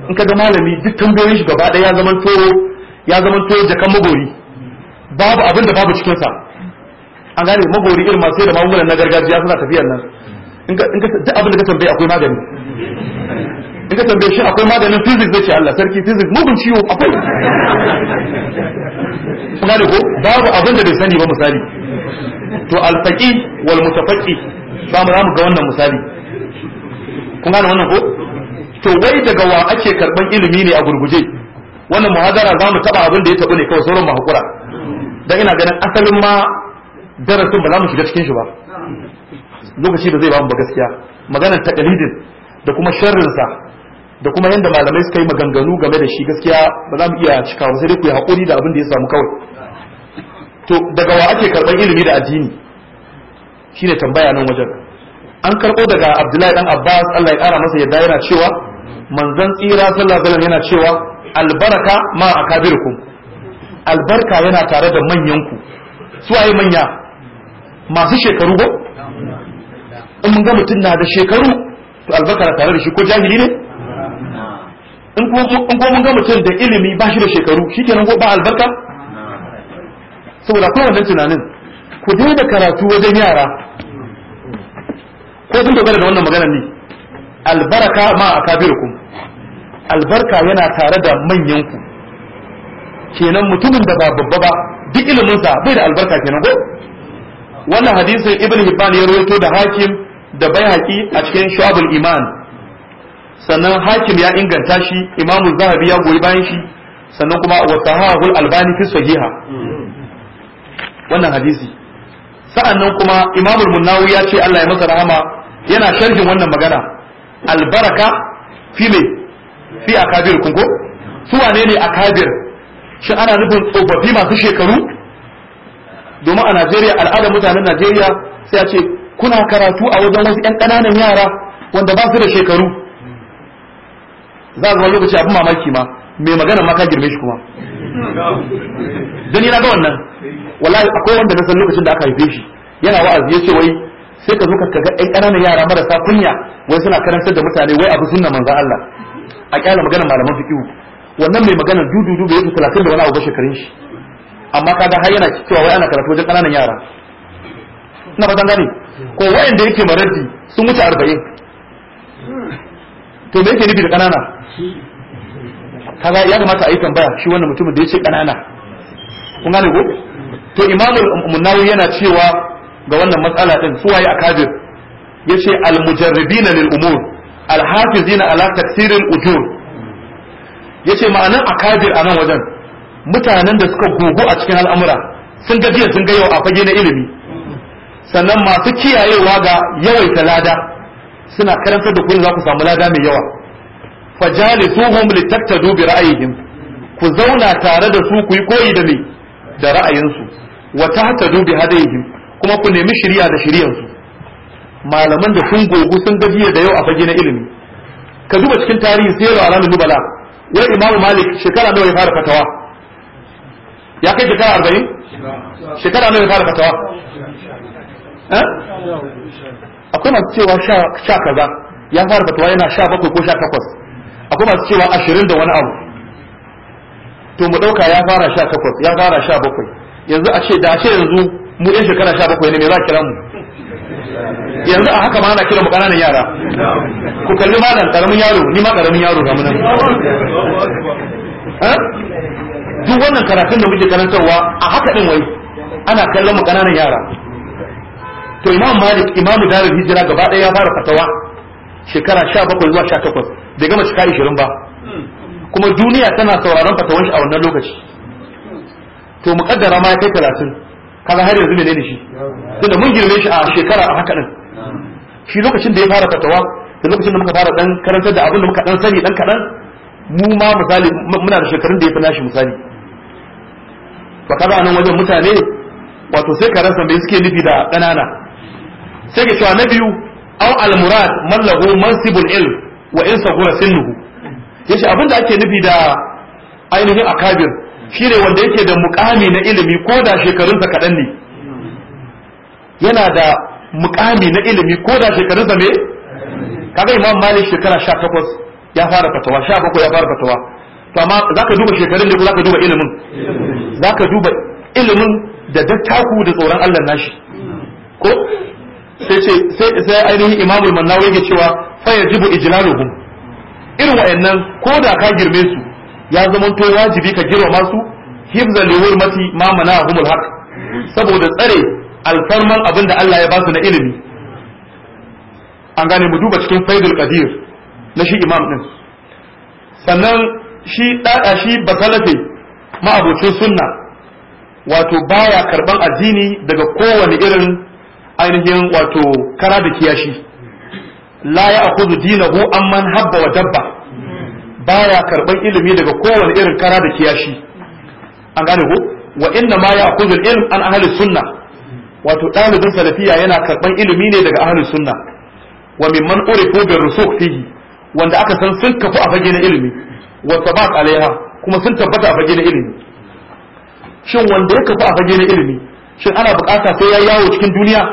in ka ga malami duk tambayoyin shi gaba ɗaya ya zama toro ya zama toro jakan magori babu abin da babu cikin sa an gane magori irin masu da magungunan na gargajiya suna tafiyar nan in ka duk abin da ka tambaye akwai magani in ka tambaye shi akwai maganin physics zai ce Allah sarki physics mugun ciwo akwai gane ko babu abin da bai sani ba misali to alfaqi wal mutafaqi ba mu ga wannan misali kun gane wannan ko to wai daga wa ake karban ilimi ne a gurguje wannan muhadara za mu taba abin da ya tabu ne kawai sauran mahukura. dan ina ganin asalin ma darasin ba za mu shiga cikin shi ba lokaci da zai ba mu ba gaskiya maganar takalidin da kuma sharrin sa da kuma yadda malamai suka yi maganganu game da shi gaskiya ba za mu iya cika ba sai dai ku yi haƙuri da abin da ya samu kawai to daga wa ake karɓar ilimi da addini shine tambaya nan wajen an karɓo daga abdullahi dan abbas allah ya ƙara masa yadda yana cewa manzon tsira sallallahu yana cewa Albarka ma akabirkum albarka yana tare da manyanku su waye manya masu shekaru ba? in mun ga mutum na da shekaru to albarka na tare da shi ko jahili ne in ko mun ga mutum da ilimi ba shi da shekaru ke nan ba albarka saboda akwai wannan tunanin ku daina karatu wajen yara ko sun dogara da wannan maganar ne albarka ma a kabirukum albarka yana tare da manyanku kenan mutumin da ba babba ba duk iliminsa bai da albarka kenan ko wannan hadisin ibn hibban ya rawaito da hakim da bai a cikin shu'abul iman sannan hakim ya inganta shi imamu zahabi ya goyi bayan shi sannan kuma wa sahahul albani fi sahiha wannan hadisi Sa'an nan kuma imamul munnawi ya ce Allah ya masa rahama yana sharhin wannan magana albaraka fi me fi akabir kun ko su wane ne kabir. shi ana nufin tsofaffi masu shekaru domin a Najeriya al'adar mutanen Najeriya sai ya ce kuna karatu a wajen wasu 'yan ƙananan yara wanda ba su da shekaru za a zama lokaci abin mamaki ma mai magana ma ka girme shi kuma dani na ga wannan wallahi akwai wanda na san lokacin da aka haife shi yana wa'azi ya ce wai sai ka zo ka ga ɗan ƙananan yara marasa kunya wai suna karantar da mutane wai abu sunna manza Allah a kyala maganar malaman fiqh wannan mai magana dududu bai yi 30 da wani abu ba shekarun shi amma kaga har yana cewa wai ana karatu wajen ƙananan yara ina fatan gane ko wayanda yake maradi sun wuce arba'in. to me yake nufi da kanana kaga ya kamata a yi tambaya shi wannan mutumin da ya ce kanana kun gane ko to imamu munawi yana cewa ga wannan matsala din su waye akabir yace al mujarribina lil umur al hafizina ala taksiril ujur yace ma'anan akabir a nan wajen mutanen da suka gugu a cikin al'amura sun ga sun ga yau a fage na ilimi sannan masu kiyayewa ga yawaita lada suna karantar da ku za ku samu lada mai yawa fajalisuhum litaktadu bi ra'ayihim ku zauna tare da su ku yi koyi da ni da ra'ayinsu wa tahtadu bi hadayihim kuma ku nemi shari'a da shari'ansu malaman da sun gogu sun gajiya da yau a fage na ilimi ka duba cikin tarihi sai da alamin nubala wai imamu malik shekara nawa ya fara fatawa ya kai shekara 40 shekara nawa ya fara fatawa eh? akwai masu cewa sha kaza ya fara fatawa yana sha bakwai ko sha takwas akwai masu cewa ashirin da wani abu to mu ɗauka ya fara sha takwas ya fara sha bakwai yanzu a ce da ce yanzu mu yan shekara sha bakwai ne me za a kira mu yanzu a haka ma ana kira mu ƙananan yara ku kalli malam ƙaramin yaro ni ma ƙaramin yaro ga munan duk wannan karatun da muke karantarwa a haka din wai ana kallon mu ƙananan yara to imam malik imam darul hijira gaba daya ya fara fatawa shekara 17 zuwa 18 bai gama shekara 20 ba kuma duniya tana sauraron fatawan shi a wannan lokaci to muqaddara ma ya kai 30 kaga har yanzu menene shi tunda mun girme shi a shekara a haka din shi lokacin da ya fara fatawa da lokacin da muka fara dan karantar da abin da muka dan sani dan kadan mu ma misali muna da shekarun da ya fi nashi misali ba kaga nan wajen mutane wato sai ka rasa suke nufi da ƙanana sai ke cewa na biyu aw al-murad man mansibul ilm wa in saghura sinnuhu yace da ake nufi da ainihin akabir shine wanda yake da mukami na ilimi ko da shekarunsa kaɗan ne yana da mukami na ilimi ko da shekarunsa me kaga imam malik shekara 18 ya fara fatawa 17 ya fara fatawa to amma zaka duba shekarun ne ko zaka duba ilimin zaka duba ilimin da dattaku da tsoron Allah nashi ko sai ce sai ainihin imamul mannawi yake cewa fa yajibu ijlaluhum irin wayannan ko da ka girme su ya zama to wajibi ka girma su hibza li hurmati ma manahumul haq saboda tsare alfarman abinda Allah ya ba su na ilimi an gane mu duba cikin faidul qadir na shi imam din sannan shi da'a shi basalafe ma sunna wato baya karban addini daga kowane irin ainihin wato kara da kiyashi la ya akuzu dinahu amman habba wa dabba baya karban ilimi daga kowane irin kara da kiyashi an gane ko wa inna ma ya akuzu ilm an ahli sunna wato ɗalibin salafiya yana karban ilimi ne daga ahli sunna wa mimman urifu bir rusuk fihi wanda aka san sun kafu a fage na ilimi wa sabat alaiha kuma sun tabbata a fage na ilimi shin wanda ya kafu a fage na ilimi shin ana bukata sai ya yawo cikin duniya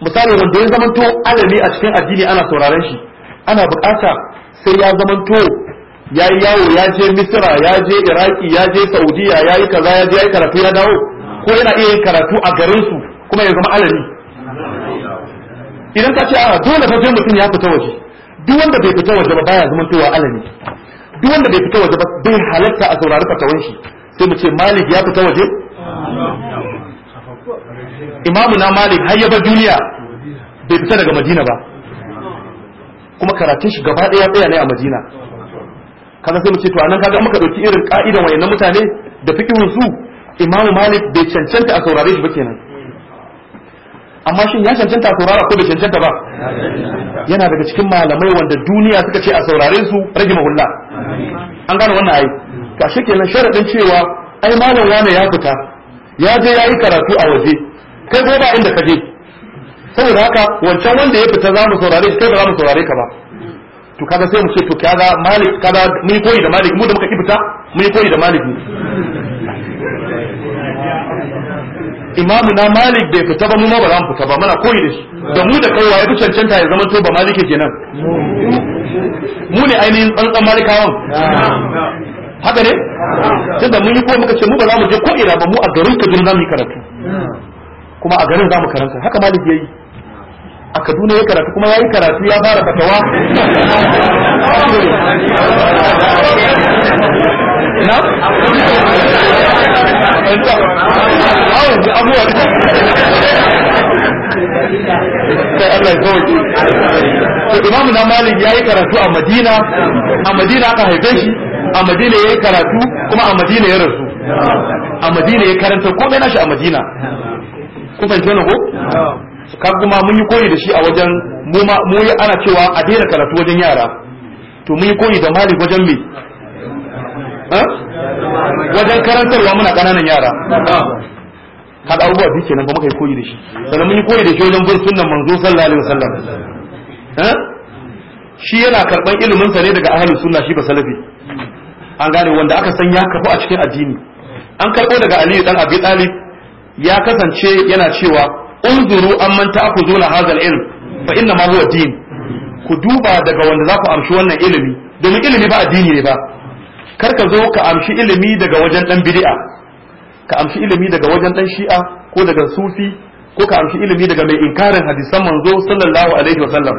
misali wanda ya zamanto alami a cikin addini ana sauraron shi ana bukata sai ya zamanto ya yi yawo ya je misira ya je iraki ya je saudiya ya yi kaza ya je ya yi karatu ya dawo ko yana iya yin karatu a garin su kuma ya zama alami idan ka ce a dole fa sai mutum ya fita waje duk wanda bai fita waje ba baya zamantowa alami duk wanda bai fita waje ba bai halatta a saurari fatawan shi sai mu ce malik ya fita waje imamu na malik har ya bar duniya bai fita daga madina ba kuma karatun shi gaba ɗaya tsaya ne a madina kaza sai mu ce to anan kaga muka dauki irin ka'idan wayannan mutane da fikihun su imamu malik bai cancanta a saurare shi ba kenan amma shin ya cancanta a saurara ko bai cancanta ba yana daga cikin malamai wanda duniya suka ce a saurare su rage mahulla an gane wannan ai ga shi kenan sharaɗin cewa ai malam wane ya fita ya je ya yi karatu a waje kai ba inda ka je saboda haka wancan wanda ya fita za mu saurare kai ba za mu saurare ka ba to kaga sai mu ce to kaga malik kaga mun koyi da malik mu da muka ki mun koyi da malik imamu na malik bai fita ba mu ma ba za mu fita ba muna koyi da shi da mu da kaiwa ya fi cancanta ya zama to ba Malik ke kenan mu ne ainihin tsantsan malikawan haka ne tunda mun yi ko muka ce mu ba za mu je ko ira ba mu a garin kaduna za mu yi karatu kuma a garin zamu karanta haka malik yayi a kaduna ya karatu kuma ya karatu ya fara fatawa na? sai Allah ya to na malik ya yi karatu a madina a madina aka haife shi a madina ya yi karatu kuma a madina ya rasu a madina ya karanta komai nashi a madina ku fahimci na ko ka kuma mun yi koyi da shi a wajen mu mu ana cewa a daina karatu wajen yara to mun yi koyi da malik wajen me wajen karantarwa muna kananan yara kada abubuwa biyu kenan ba muka yi koyi da shi sannan mun yi koyi da shi wajen bin sunnan manzo sallallahu alaihi wasallam shi yana karban ilimin sa ne daga ahlus sunna shi ba salafi an gane wanda aka san ya karbo a cikin addini an karbo daga ali dan abi talib ya kasance yana cewa unzuru an amman ta'khuduna hadha al-ilm fa inna ma huwa din ku duba daga wanda za ku amshi wannan ilimi domin ilimi ba addini ne ba kar ka zo ka amshi ilimi daga wajen dan bid'a ka amshi ilimi daga wajen dan shi'a ko daga sufi ko ka amshi ilimi daga mai inkarin hadisan manzo sallallahu alaihi wasallam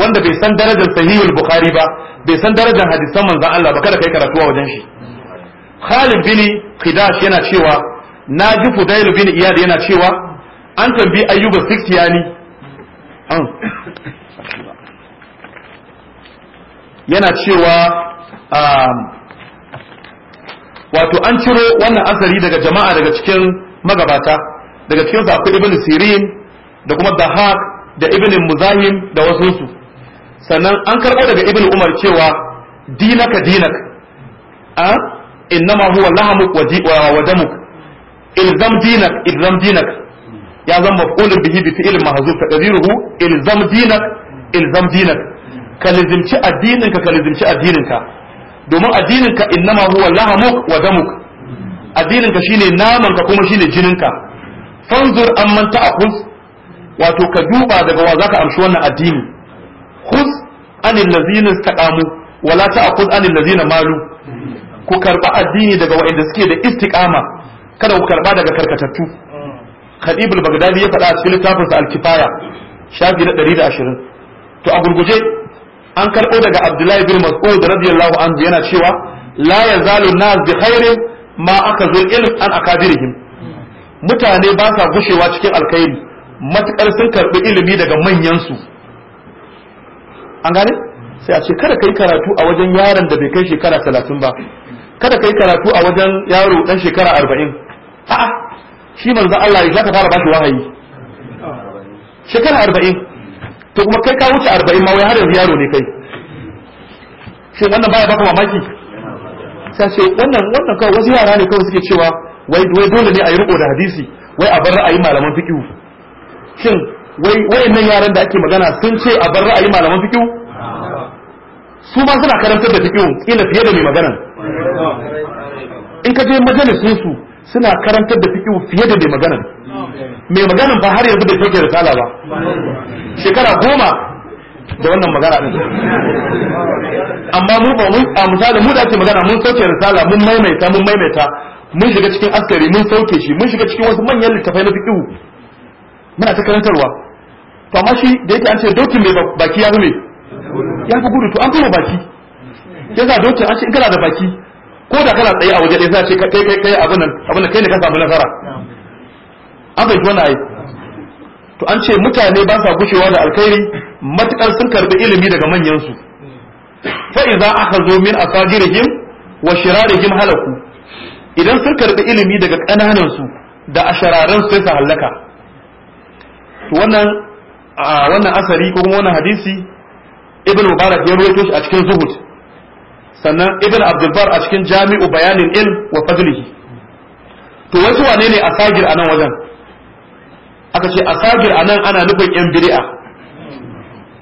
wanda bai san darajar sahihul bukhari ba bai san darajar hadisan manzo Allah ba kada kai karatu a wajen shi Khalid bin Khidash yana cewa na ji fudayil bin iyad yana cewa an tambi ayyuba sikhtiyani yana cewa wato an ciro wannan asari daga jama'a daga cikin magabata daga cikin sa akwai ibn sirin da kuma dahak da ibn muzahim da wasu su sannan an karɓo daga ibn umar cewa dinaka dinak a innama huwa lahamuk wa damuk ilzam dinak ilzam dinak ya zama maf'ulun bihi bi fi'il mahzuf taqdiruhu ilzam dinak ilzam dinak ka lizimci addinin ka ka lizimci domin addinin ka innama huwa lahamuk wa damuk shine naman ka kuma shine jinin ka fanzur amman ta'khuz wato ka duba daga wa zaka amshi wannan addini khuz anil ladzina istaqamu wala ta'khuz anil ladzina malu ku karba addini daga waɗanda suke da istiqama kada ku karba daga karkatattu khadibul bagdadi ya faɗa a cikin littafin sa al-kifaya shafi na 120 to a gurguje an karbo daga abdullahi bin mas'ud radiyallahu anhu yana cewa la yazalu nas bi khairi ma akazu ilm an akadirihim mutane ba sa gushewa cikin alkhairi matukar sun karbi ilimi daga manyan su an gane sai a ce kada kai karatu a wajen yaron da bai kai shekara 30 ba kada ka yi karatu a wajen yaro dan shekara arba'in a'a shi manzon Allah ya ka fara bashi wahayi shekara arba'in to kuma kai ka wuce arba'in ma wai har yanzu yaro ne kai shin wannan baya baka mamaki sai ce wannan wannan kawai wasu yara ne kawai suke cewa wai wai dole ne a yi riko da hadisi wai a bar ra'ayin malaman fiqh shin wai wayannan yaran da ake magana sun ce a bar ra'ayi malaman fiqh su ma suna karantar da fiqh kila fiye da mai magana in ka je majalisin su suna karantar da fiƙi fiye da mai magana mai magana ba har yanzu bai sauke risala ba shekara goma da wannan magana din amma mu ba mun a misali mu da ake magana mun sauke da risala mun maimaita mun maimaita mun shiga cikin askari mun sauke shi mun shiga cikin wasu manyan littafai na fiƙi muna ta karantarwa to amma shi da yake an ce dokin mai baki ya zube. ya fi gudu to an kuma baki sai za dokin an ce kana da baki ko da kana tsaye a waje ɗaya sai ce kai kai kai abin nan abin da kai ne ka samu nasara an bai wani ai to an ce mutane ba sa gushewa da alkhairi matukar sun karbi ilimi daga manyan su fa idza zo min asagirihim wa shirarihim halaku idan sun karbi ilimi daga kananan su da ashararan su sai su halaka to wannan wannan asari ko kuma wannan hadisi ibn mubarak ya rawaito shi a cikin zuhud sannan ibn abdulbar a cikin jami'u bayanin ilm wa fadlihi to wasu wane ne asagir a wajen aka ce asagir a nan ana nufin yan bid'a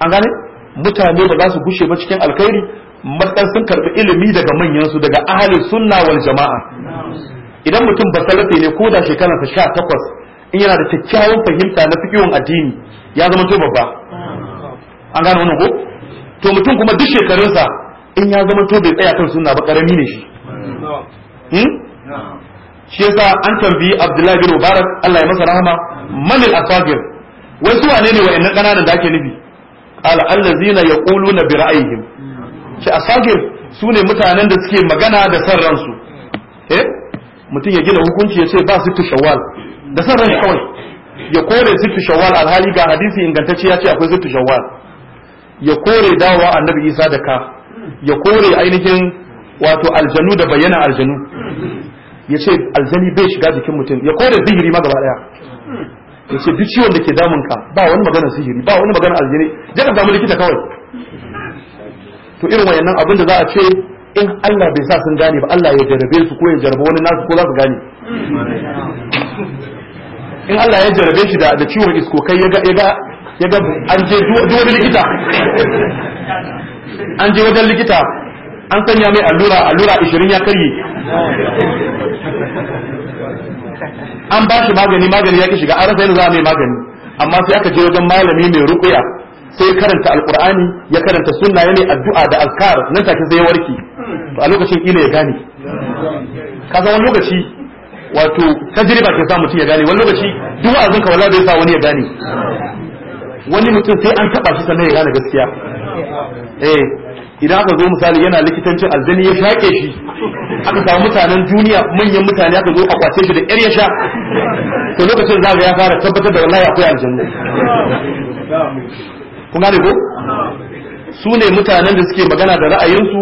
an gane mutane ba za su gushe ba cikin alkhairi matsan sun karbi ilimi daga manyansu daga ahalin sunna wal jama'a idan mutum ba salafi ne ko da shekararsa sha takwas in yana da kyakkyawan fahimta na fikihun addini ya zama to babba an gane wannan ko to mutum kuma duk shekarunsa in ya zama to bai tsaya kan sunna ba karami ne shi hmm? shi yasa an tambayi Abdullahi bin Mubarak Allah ya masa rahama man al-asagir wai su wane ne wayannan kananan da ake nufi qala allazina na bi ra'ayihim shi asagir su ne mutanen da suke magana da san ransu eh mutum ya gina hukunci ya ce ba sittu shawwal da san ransu kawai ya kore sittu shawwal alhali ga hadisi ingantacce ya ce akwai sittu shawwal ya kore dawa annabi Isa da ka ya kore ainihin wato aljanu da bayyana aljanu ya ce aljani bai shiga jikin mutum ya kore zihiri ma gaba daya ya ce duk ciwon da ke damun ka ba wani magana zihiri ba wani magana aljani ya ka samu likita kawai to irin wayannan abin da za a ce in Allah bai sa sun gane ba Allah ya jarabe su ko ya jarabe wani nasu ko za su gane in Allah ya jarabe shi da ciwon iskokai ya ga ya ga an je duk wani likita an je wajen likita an sanya mai allura allura ishirin ya karye an ba shi magani magani ya ki shiga an rasa yadda za a mai magani amma sai aka je wajen malami mai rukuya sai ya karanta alkur'ani ya karanta sunna ya ne addu'a da azkar nan take sai ya warke a lokacin kila ya gane ka san wani lokaci wato tajriba ke sa mutum ya gane wani lokaci duk wa'azinka wala bai sa wani ya gane wani mutum sai an taba shi sannan ya gane gaskiya eh idan aka zo misali yana likitancin aljani ya shaƙe shi aka samu mutanen duniya manyan mutane aka zo a kwace shi da ƴar ya sha to lokacin za ga ya fara tabbatar da wallahi akwai aljanna ku gane ko su ne mutanen da suke magana da ra'ayinsu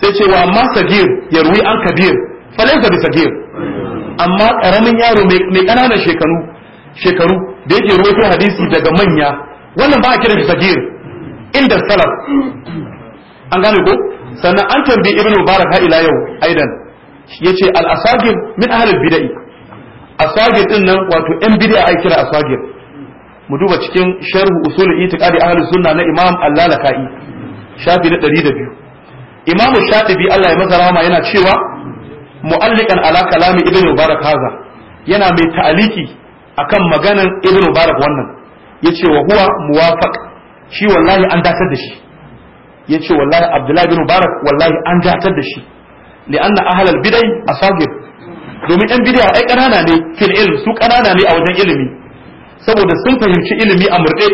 sai cewa amma sagir ya ruwi an kabir falaisa bi sagir amma karamin yaro mai kananan shekaru shekaru da yake ruwaito hadisi daga manya wannan ba a kiran shi sagir inda salaf an gane ko sannan an tambayi ibnu mubarak ha ila yau aidan yace al asagir min ahli bid'ah asagir din nan wato yan bid'a ai kira asagir mu duba cikin sharh usul itiqadi ahli sunna na imam al-lalakai shafi na 102 imam shafi Allah ya masa rahama yana cewa mu'allikan ala kalami ibnu mubarak haza yana mai ta'aliki akan maganan ibnu mubarak wannan yace wa huwa muwafaq shi wallahi an datar da shi ya ce wallahi abdullahi bin mubarak wallahi an datar da shi li'anna ahlal bidai asagir domin yan bid'a ai kanana ne fil ilm su kanana ne a wajen ilimi saboda sun fahimci ilimi a murde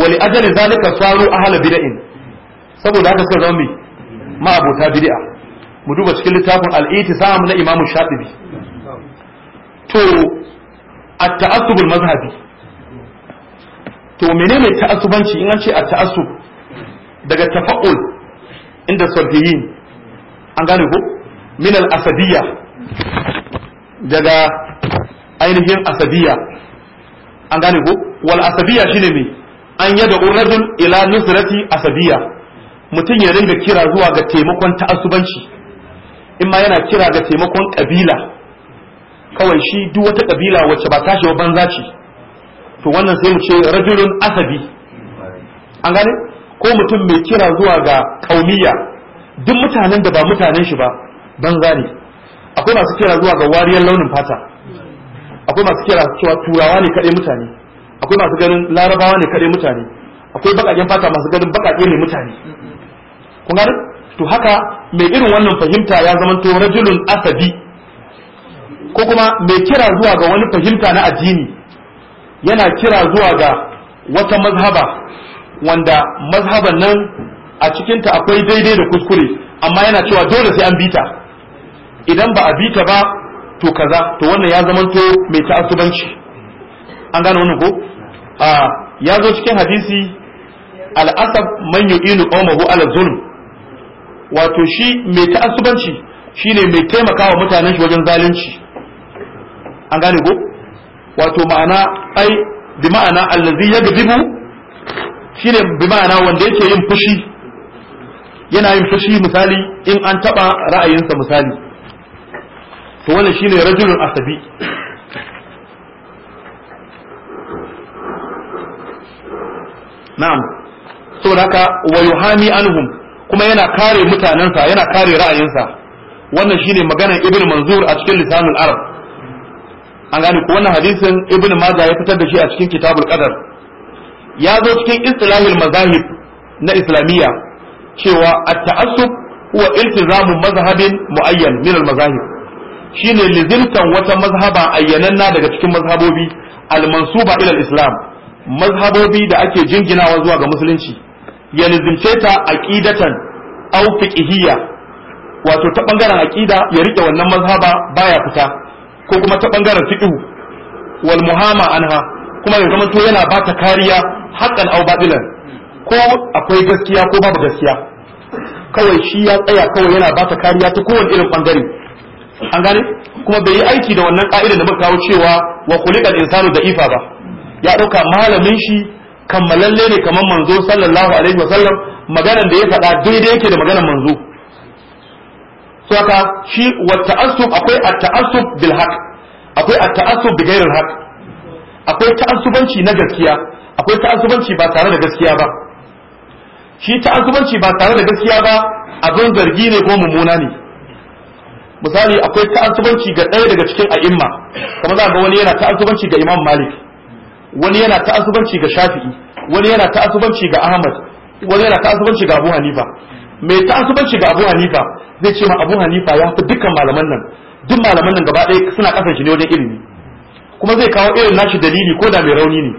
wali ajali zalika faru ahlal bid'in saboda haka suka zama ma abota bid'a mu duba cikin littafin al-itisam na imamu shatibi to at-ta'assub al-mazhabi to menene ta'assubanci in an ce a ta'assub daga tafa'ul inda sarfiyin an gane ko min al-asadiyya daga ainihin asadiyya an gane ko wal asadiyya shine me an yada rajul ila nusrati asadiyya mutum ya ringa kira zuwa ga taimakon ta'assubanci in ma yana kira ga taimakon kabila kawai shi duk wata kabila wacce ba tashi ba banza ce to wannan sai mu ce rajulun asabi an gane ko mutum mai kira zuwa ga kaumiya duk mutanen da ba mutanen shi ba banza ne akwai masu kira zuwa ga wariyar launin fata akwai masu kira cewa turawa ne kaɗai mutane akwai masu ganin larabawa ne kaɗai mutane akwai baƙaƙen fata masu ganin baƙaƙe ne mutane kun gane to haka mai irin wannan fahimta ya zama to rajulun asabi ko kuma mai kira zuwa ga wani fahimta na addini yana kira zuwa ga wata mazhaba wanda mazhaban nan a cikinta akwai daidai da kuskure amma yana cewa dole sai an bita idan ba a bita ba to kaza to wannan ya to mai ta'assubanci an gane wannan ko a ya zo cikin hadisi al'asab man yu'inu qaumahu ala zulm wato shi mai ta'assubanci shine mai taimakawa mutanen shi wajen zalunci an gane ko wato ma'ana ai bi ma'ana allazi yagzibu shine bi ma'ana wanda yake yin fushi yana yin fushi misali in an taba ra'ayinsa misali to wannan shine rajulun asabi na'am saboda haka wa yuhami anhum kuma yana kare mutanensa yana kare ra'ayinsa wannan shine maganar ibn manzur a cikin lisanul arab an gane ko wannan hadisin ibnu Maza ya fitar da shi a cikin kitabul qadar ya zo cikin istilahil mazahib na islamiyya cewa at-ta'assub huwa iltizamu mazhabin muayyan min al-mazahib shine lizimtan wata mazhaba ayyananna daga cikin mazhabobi al-mansuba ila al-islam mazhabobi da ake jinginawa zuwa ga musulunci ya lizimce ta aqidatan aw fiqhiyya wato ta bangaren aqida ya rike wannan mazhaba baya fita ko kuma ta bangaren fiqh wal muhama anha kuma ya zama to yana ba ta kariya haƙan aw babilan ko akwai gaskiya ko babu gaskiya kawai shi ya tsaya kawai yana ba ta kariya ta kowane irin bangare an gane kuma bai yi aiki da wannan ka'idar da muka kawo cewa wa kulikal insanu da'ifa ba ya dauka malamin shi kammalalle ne kamar manzo sallallahu alaihi wasallam maganar da ya faɗa daidai yake da maganar manzo saka shi wa ta'assub akwai at-ta'assub bil haqq akwai at-ta'assub bi al haqq akwai ta'assubanci na gaskiya akwai ta'assubanci ba tare da gaskiya ba shi ta'assubanci ba tare da gaskiya ba abin zargi ne ko mummuna ne misali akwai ta'assubanci ga ɗaya daga cikin a'imma kamar za ga wani yana ta'assubanci ga Imam Malik wani yana ta'assubanci ga Shafi'i wani yana ta'assubanci ga Ahmad wani yana ta'assubanci ga Abu Hanifa mai tasubanci ga Abu Hanifa zai ce ma Abu Hanifa ya fi dukkan malaman nan duk malaman nan gaba ɗaya suna kasan shi ne wajen ilimi kuma zai kawo irin nashi dalili ko da mai rauni ne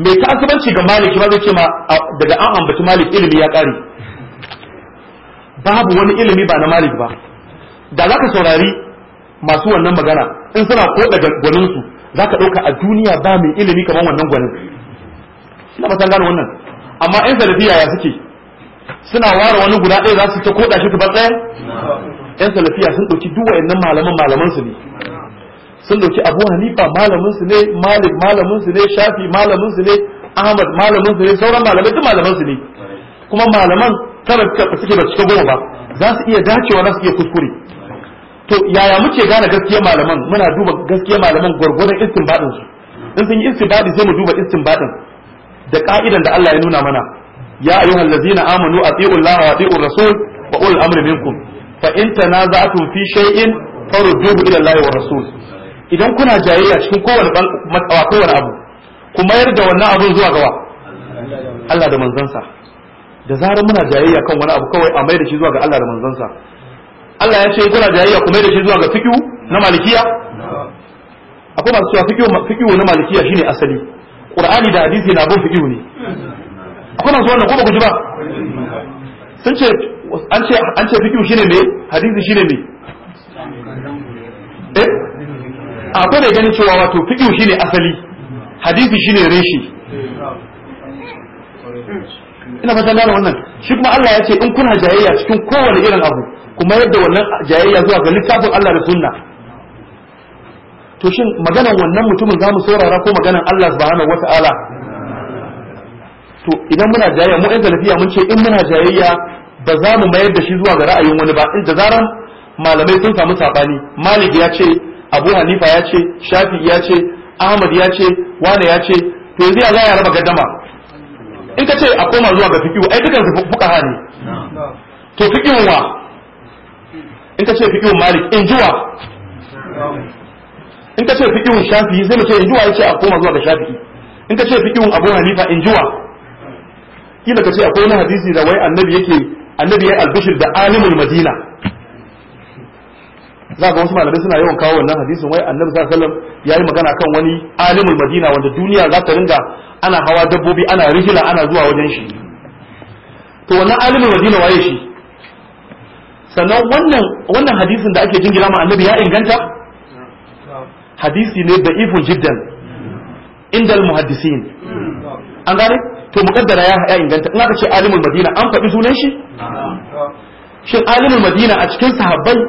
mai ta'assubanci ga Malik ba zai ce ma daga an ambaci Malik ilimi ya ƙare babu wani ilimi ba na Malik ba da za zaka saurari masu wannan magana in suna daga gwaninsu za ka ɗauka a duniya ba mai ilimi kamar wannan gwanin ina ba gane wannan amma yan salafiya ya suke suna ware wani guda ɗaya za su ta koda shi gaba ɗaya yan salafiya sun ɗauki duk wayannan malaman malaman su ne sun ɗauki abu hanifa malamin su ne malik malamin su ne shafi malamin su ne ahmad malamin su ne sauran malamai duk malaman su ne kuma malaman kada suke ba cika goma ba za su iya dacewa za su iya kuskure to yaya muke gane gaskiyar malaman muna duba gaskiyar malaman gwargwadon istinbadin su in sun yi istinbadi sai mu duba istinbadin da ka'idan da Allah ya nuna mana ya ayyuhal ladzina amanu ati'u Allah wa ati'u rasul wa ulul amri minkum fa in tanaza'tum fi shay'in farudduhu ila Allah wa rasul idan kuna jayayya cikin kowane matsawa kowane abu ku mayar da wannan abun zuwa gaba? Allah da manzansa da zarar muna jayayya kan wani abu kawai a mai da shi zuwa ga Allah da manzansa Allah ya ce kuna jayayya ku mai da shi zuwa ga fikihu na malikiya akwai masu cewa fikihu na malikiya shine asali qur'ani da hadisi na bin fikihu ne kuna zuwa nan ko ba ku ji ba sun ce an ce an ce fikihu shine me hadisi shine me eh akwai da ganin cewa wato fikihu shine asali hadisi shine reshi ina fata gane wannan shi kuma Allah ya ce in kuna jayayya cikin kowane irin abu kuma yadda wannan jayayya zuwa ga littafin Allah da sunna to shin maganar wannan mutumin zamu saurara ko maganar Allah subhanahu wata'ala to idan muna jayayya mu ɗan zalafiya mun ce in muna jayayya ba za mu mayar da shi zuwa ga ra'ayin wani ba da zaran malamai sun samu sabani malik ya ce abu hanifa ya ce shafi ya ce ahmad ya ce wane ya ce to yanzu ya za ya raba gaddama in ka ce a koma zuwa ga fiƙiwa ai dukansu fuka ne to fiƙiwa wa in ka ce fiƙiwa malik in jiwa in ka ce fiƙiwa Shafi sai mu ce in jiwa ya ce a koma zuwa ga Shafi? in ka ce fiƙiwa abu hanifa in jiwa kila ka ce akwai wani hadisi da wai annabi yake annabi ya albishir da alimul madina za ga wasu malamai suna yawan kawo wannan hadisin wai annabi sallallahu alaihi wasallam yayi magana kan wani alimul madina wanda duniya za ta ringa ana hawa dabbobi ana rihila ana zuwa wajen shi to wannan alimul madina waye shi sannan wannan wannan hadisin da ake jingira ma annabi ya inganta hadisi ne da ifun jiddan indal muhaddisin an gane to muqaddara ya ya inganta ina ka ce alimul madina an faɗi sunan shi shin alimul madina a cikin sahabbai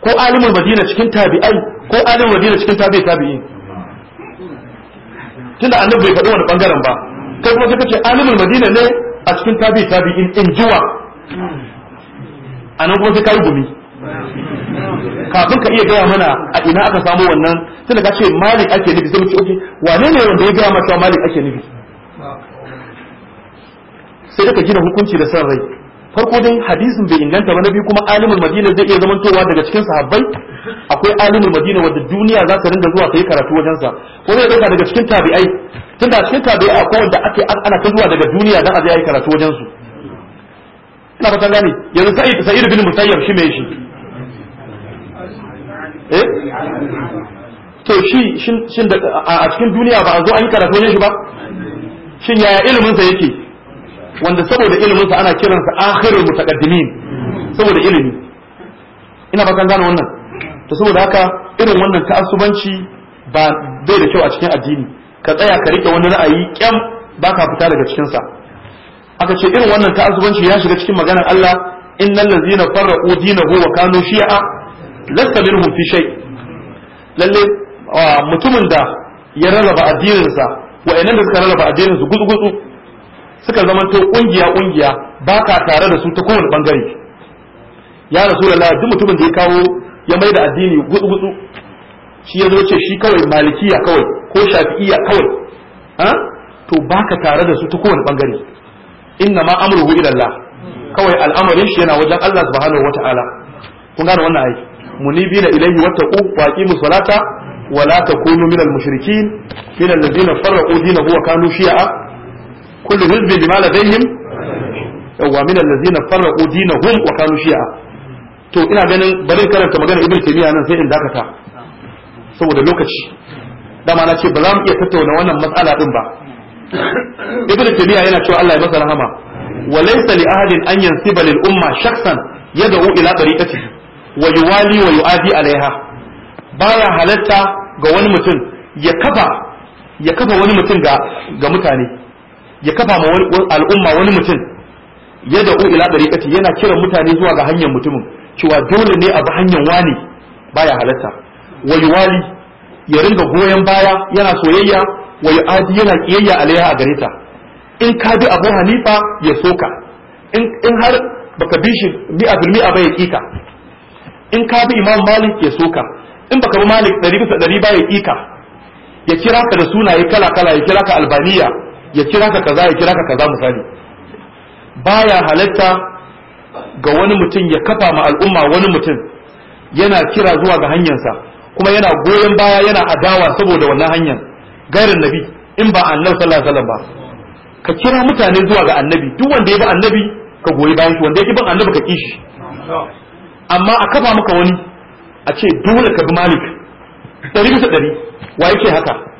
ko alimul madina cikin tabi'ai ko alimul madina cikin tabi'i tabi'in tunda annabi bai faɗi wani bangaren ba kai kuma sai ce alimul madina ne a cikin tabi'i tabi'in in jiwa anan kuma sai kai gumi kafin ka iya gaya mana a ina aka samu wannan tunda ka ce malik ake nufi sai mu ce wane ne wanda ya gaya masa malik ake nufi sai daga gina hukunci da san rai farko dai hadisin bai inganta ba na biyu kuma alimul madina zai iya zamantowa daga cikin sahabbai akwai alimul madina wanda duniya za ta rinda zuwa kai karatu wajen sa ko ne daga daga cikin tabi'ai tunda cikin tabi'ai akwai wanda ake ana ta zuwa daga duniya dan a je ayi karatu wajen su ina fata gane yanzu sa'id sa'id bin musayyab shi me shi eh to shi shin a cikin duniya ba a zo an yi karatu wajen shi ba shin yaya ilimin sa yake wanda saboda ilimin sa ana kiransa akhirul mutaqaddimin saboda ilimi ina bakan gane wannan to saboda haka irin wannan ta'assubanci ba bai da kyau a cikin addini ka tsaya ka rike wani ra'ayi kyam baka fita daga cikin sa aka ce irin wannan ta'assubanci ya shiga cikin maganar Allah innal ladzina farraqu dinahu wa kanu shi'a lasta minhum fi shay lalle ah, mutumin da ya rarraba addininsa wa'annan da suka rarraba addininsu gudu-gudu suka zamanto kungiya kungiya ba ka tare da su ta kowane bangare ya rasulullahi duk mutumin da ya kawo ya mai da addini gutsu gutsu shi ya zo ce shi kawai malikiya kawai ko shafi'iya kawai to ba ka tare da su ta kowane bangare inna ma amruhu ila Allah kawai al'amarin shi yana wajen Allah subhanahu wata'ala kun gane wannan ai munibina ilayhi wattaqu wa aqimus salata wa la takunu minal mushrikin minal ladina farraqu dinahum wa kanu shi'a kullu hizbin bima ladaihim yawa min allazina farraqu dinahum wa kanu shi'a to ina ganin bari karanta magana ibn taymiya nan sai in dakata saboda lokaci dama na ce ba za mu iya tattauna wannan matsala din ba ibn taymiya yana cewa Allah ya masa rahama wa laysa li ahadin an yansiba lil umma shakhsan yad'u ila tariqatihi wa yuwali wa yu'adi alaiha baya halatta ga wani mutum ya kafa ya kafa wani mutum ga mutane ya kafa ma al'umma wani mutum ya da'u ila dariƙati yana kiran mutane zuwa ga hanyar mutumin cewa dole ne a bi hanyar wani baya halatta wai wali ya ringa goyon baya yana soyayya wai adi yana kiyayya alaiha a gareta in ka bi Abu Hanifa ya soka in in har baka bi shi bi a filmi a ya kika in ka bi Imam Malik ya soka in baka bi Malik dari bisa dari ba ya kika ya kira ka da sunaye kala kala ya kira ka albaniya ya kira ka kaza ya kira ka kaza misali baya halatta ga wani mutum ya kafa ma al'umma wani mutum yana kira zuwa ga hanyarsa kuma yana goyon baya yana adawa saboda wannan hanyar gairin nabi in ba annabi sallallahu alaihi wasallam ba ka kira mutane zuwa ga annabi duk wanda ya bi annabi ka goyi bayan shi wanda ya ki bin annabi ka kishi amma a kafa maka wani a ce dole ka bi malik ɗari bisa ɗari wa yake haka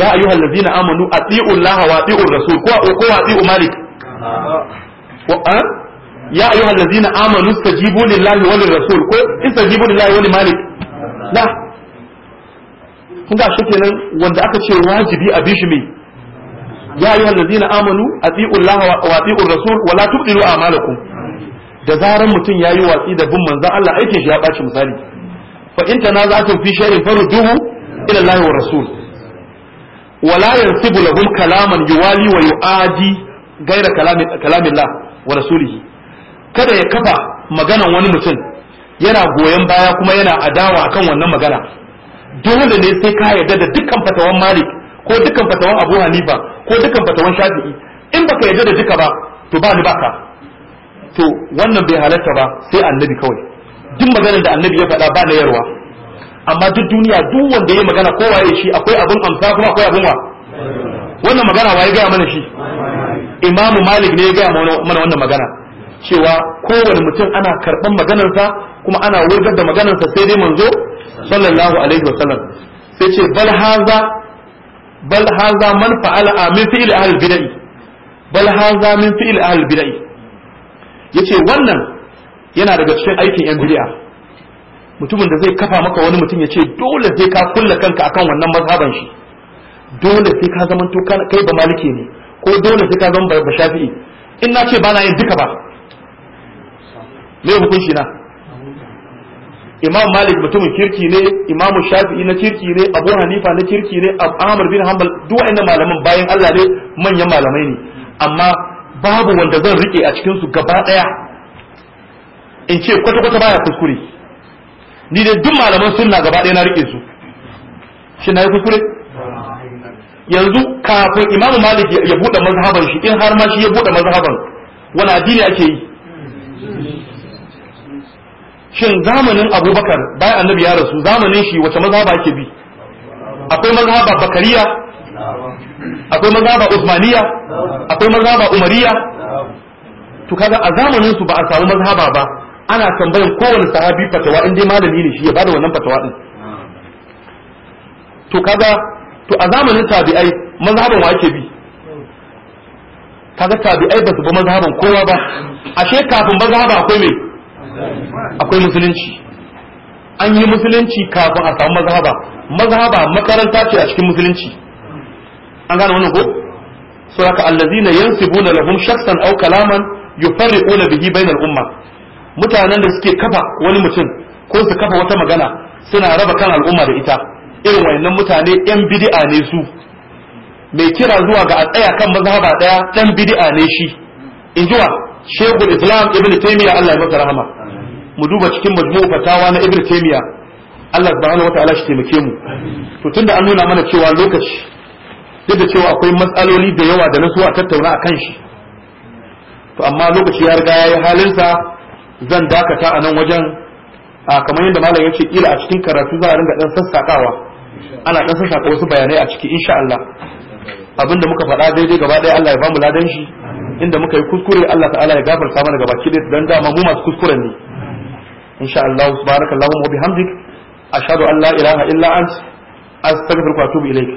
ya ayyuhal ladzina amanu ati'u Allah wa ati'u rasul ya ayyuhal ladzina amanu istajibu lillahi wa lirrasul ko kenan wanda aka ce wajibi a bishi mai ya ayyuhal ladzina amanu ati'u Allah wa ati'u rasul da zaran mutum ya yi watsi da bin manzon Allah aikin shi ya baci misali fa in tanaza'tum fi shay'in farudduhu ila Allah wa rasul wala yansibu lahum kalaman yuwali ويؤادي غير gaira كلام wa ورسوله kada ya kafa maganan wani mutum yana goyon baya kuma yana adawa akan wannan magana dole ne sai ka yarda da dukkan fatawan malik ko dukkan fatawan abu hanifa ko dukkan fatawan shafi'i in baka yarda da duka ba to ba ni baka to wannan bai halatta ba sai annabi kawai duk maganar da annabi ya faɗa ba na yarwa amma duk duniya duk wanda ya magana ko waye shi akwai abun amsa kuma akwai abun wa wannan magana waye gaya mana shi imamu malik ne ya gaya mana wannan magana cewa kowane mutum ana maganar maganarsa kuma ana wurgar da maganar sa sai dai manzo sallallahu alaihi wasallam sai ce bal haza bal haza man fa'ala min fi'il ahli bid'i bal haza min fi'il ahli bid'i yace wannan yana daga cikin aikin yan bid'a mutumin da zai kafa maka wani mutum ya ce dole sai ka kulla kanka akan wannan mazhaban shi dole sai ka zama to kai ba Maliki ne ko dole sai ka zama ba shafi'i in na ce ba na yin duka ba me hukunci na imam malik mutumin kirki ne imam shafi'i na kirki ne abu hanifa na kirki ne amr bin hanbal duk wanda malaman bayan allah ne manyan malamai ne amma babu wanda zan rike a cikin su gaba daya in ce kwata-kwata baya kuskure ni dai duk malaman sunna gaba ɗaya na rike su shi na yi kuskure yanzu kafin imamu malik ya buɗe mazhaban shi in har ma shi ya buɗe mazhaban wani addini ake yi shin zamanin abubakar bayan annabi ya rasu zamanin shi wace mazhaba ake bi akwai mazhaba bakariya akwai mazhaba usmaniya akwai mazhaba umariya to kaga a zamanin su ba a samu mazhaba ba ana tambayan kowane sahabi fatawa in dai malami ne shi ya bada wannan fatawa din to kaga to a zamanin tabi'ai mazhaban wa ake bi kaga tabi'ai ba su ba mazhaban kowa ba ashe kafin mazhaba akwai me akwai musulunci an yi musulunci kafin a samu mazhaba mazhaba makaranta ce a cikin musulunci an gane wannan ko suraka allazina yansibuna lahum shakhsan aw kalaman yufarriquna bihi bainal umma mutanen da suke kafa wani mutum ko su kafa wata magana suna raba kan al'umma da ita irin wayannan mutane yan bid'a ne su mai kira zuwa ga a tsaya kan mazhaba daya Ɗan bid'a ne shi wa shaykhul islam ibn Taymiyyah Allah ya masa rahama mu duba cikin majmu'u fatawa na ibn Taymiyyah Allah subhanahu wataala shi taimake mu to tunda an nuna mana cewa lokaci duk da cewa akwai matsaloli da yawa da na a tattauna a kan shi to amma lokaci ya riga ya yi halinsa zan dakata a nan wajen a kamar yadda malam ya ce ila a cikin karatu za a ringa dan sassakawa ana dan sassaka wasu bayanai a ciki insha Allah abinda muka faɗa daidai gaba ɗaya Allah ya bamu ladan shi inda muka yi kuskure Allah ta'ala ya gafarta mana gaba ki dan dama mu masu kuskuren ne insha Allah subhanakallahu wa bihamdik ashhadu an la ilaha illa ant astaghfiruka wa atubu ilaik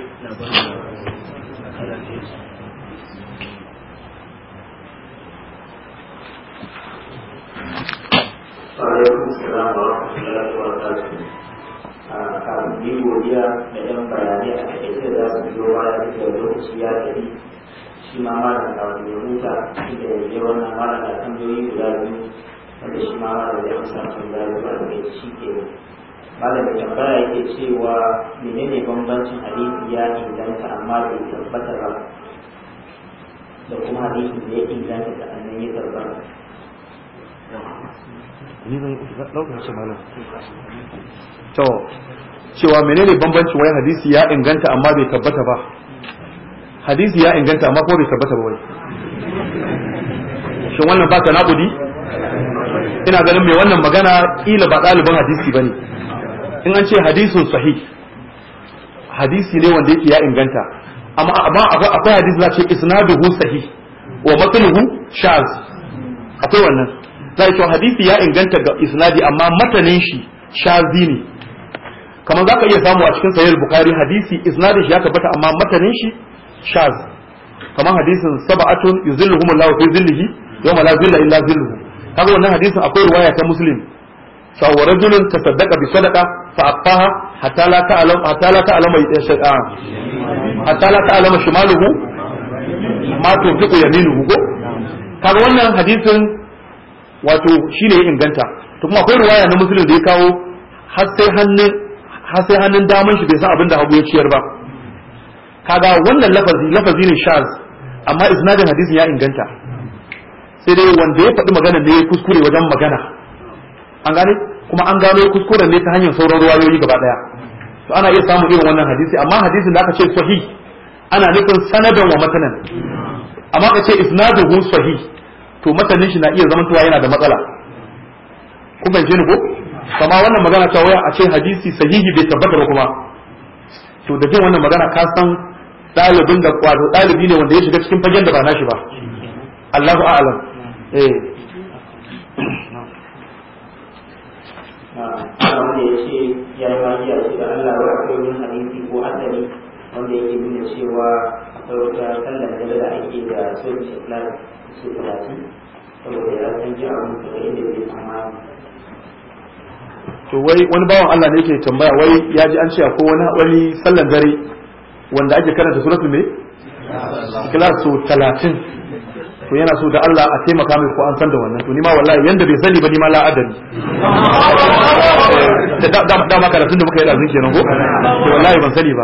alaikum salam wa rahmatullahi wa godiya da yan bayanai a kaɗaice da za su biyo baya duk da lokaci ya ma malam da wani huta ya je wannan malam da guda biyu wanda ba da tambaya yake cewa menene bambancin hadisi ya inganta amma bai tabbata ba da kuma hadisi da ya inganta da annan ya tabbata ni zan ɗaukar shi malam to cewa menene bambanci wai hadisi ya inganta amma bai tabbata ba hadisi ya inganta amma ko bai tabbata ba wai shin wannan ba ta nabudi ina ganin mai wannan magana kila ba ɗaliban hadisi bane in an ce hadisun sahih hadisi ne wanda yake ya inganta amma akwai hadisi za ce isnaduhu sahih wa matnuhu shaz akwai wannan zai to hadisi ya inganta ga isnadi amma matanin shi shazi ne kamar zaka iya samu a cikin sahih bukhari hadisi isnadin shi ya tabbata amma matanin shi shaz kamar hadisin sab'atun yuzilluhum Allahu fi zillihi yawma la zilla illa zilluhu kaga wannan hadisin akwai riwaya ta muslim fa wa rajulun tasaddaqa bi sadaqa fa aqaha hatta la ta'lam hatta la ta'lam shay'a eh, hatta la ta'lam shimaluhu ma yaminuhu kaga wannan hadisin wato ne ya inganta to kuma akwai ruwaya na musulun da ya kawo har sai hannun damar daman shi bai san abin da hagu ya ciyar ba kaga wannan lafazi lafazi ne shaz amma isnadin hadisin ya inganta sai dai wanda ya faɗi magana ne ya kuskure wajen magana an gane kuma an gano kuskuren ne ta hanyar sauran ruwayoyi gaba daya to ana iya samun irin wannan hadisi amma hadisin da aka ce sahih ana nufin sanadan wa matanan amma ka ce isnaduhu sahih to masanin shi na iya zamantowa yana da matsala kun fahimce ni ko kama wannan magana ta waya a ce hadisi sahihi bai tabbata ba kuma to da jin wannan magana ka san ɗalibin da kwazo ɗalibi ne wanda ya shiga cikin fagen da ba nashi ba Allahu a'lam eh. wanda ya ce ya yi magiya da Allah wa akwai wani hadisi ko asali wanda yake nuna cewa akwai wata sallar da ake da sojoji Islam to wai wani bawan Allah ne yake tambaya wai ya ji an ce ko wani wani sallan dare wanda ake karanta suratu ne? ikhlas so 30 to yana so da Allah a taimaka mai ko an san da wannan to ni ma wallahi yanda bai sani ba ni ma la adani da da da karatun da muka yi da zin nan ko to wallahi ban sani ba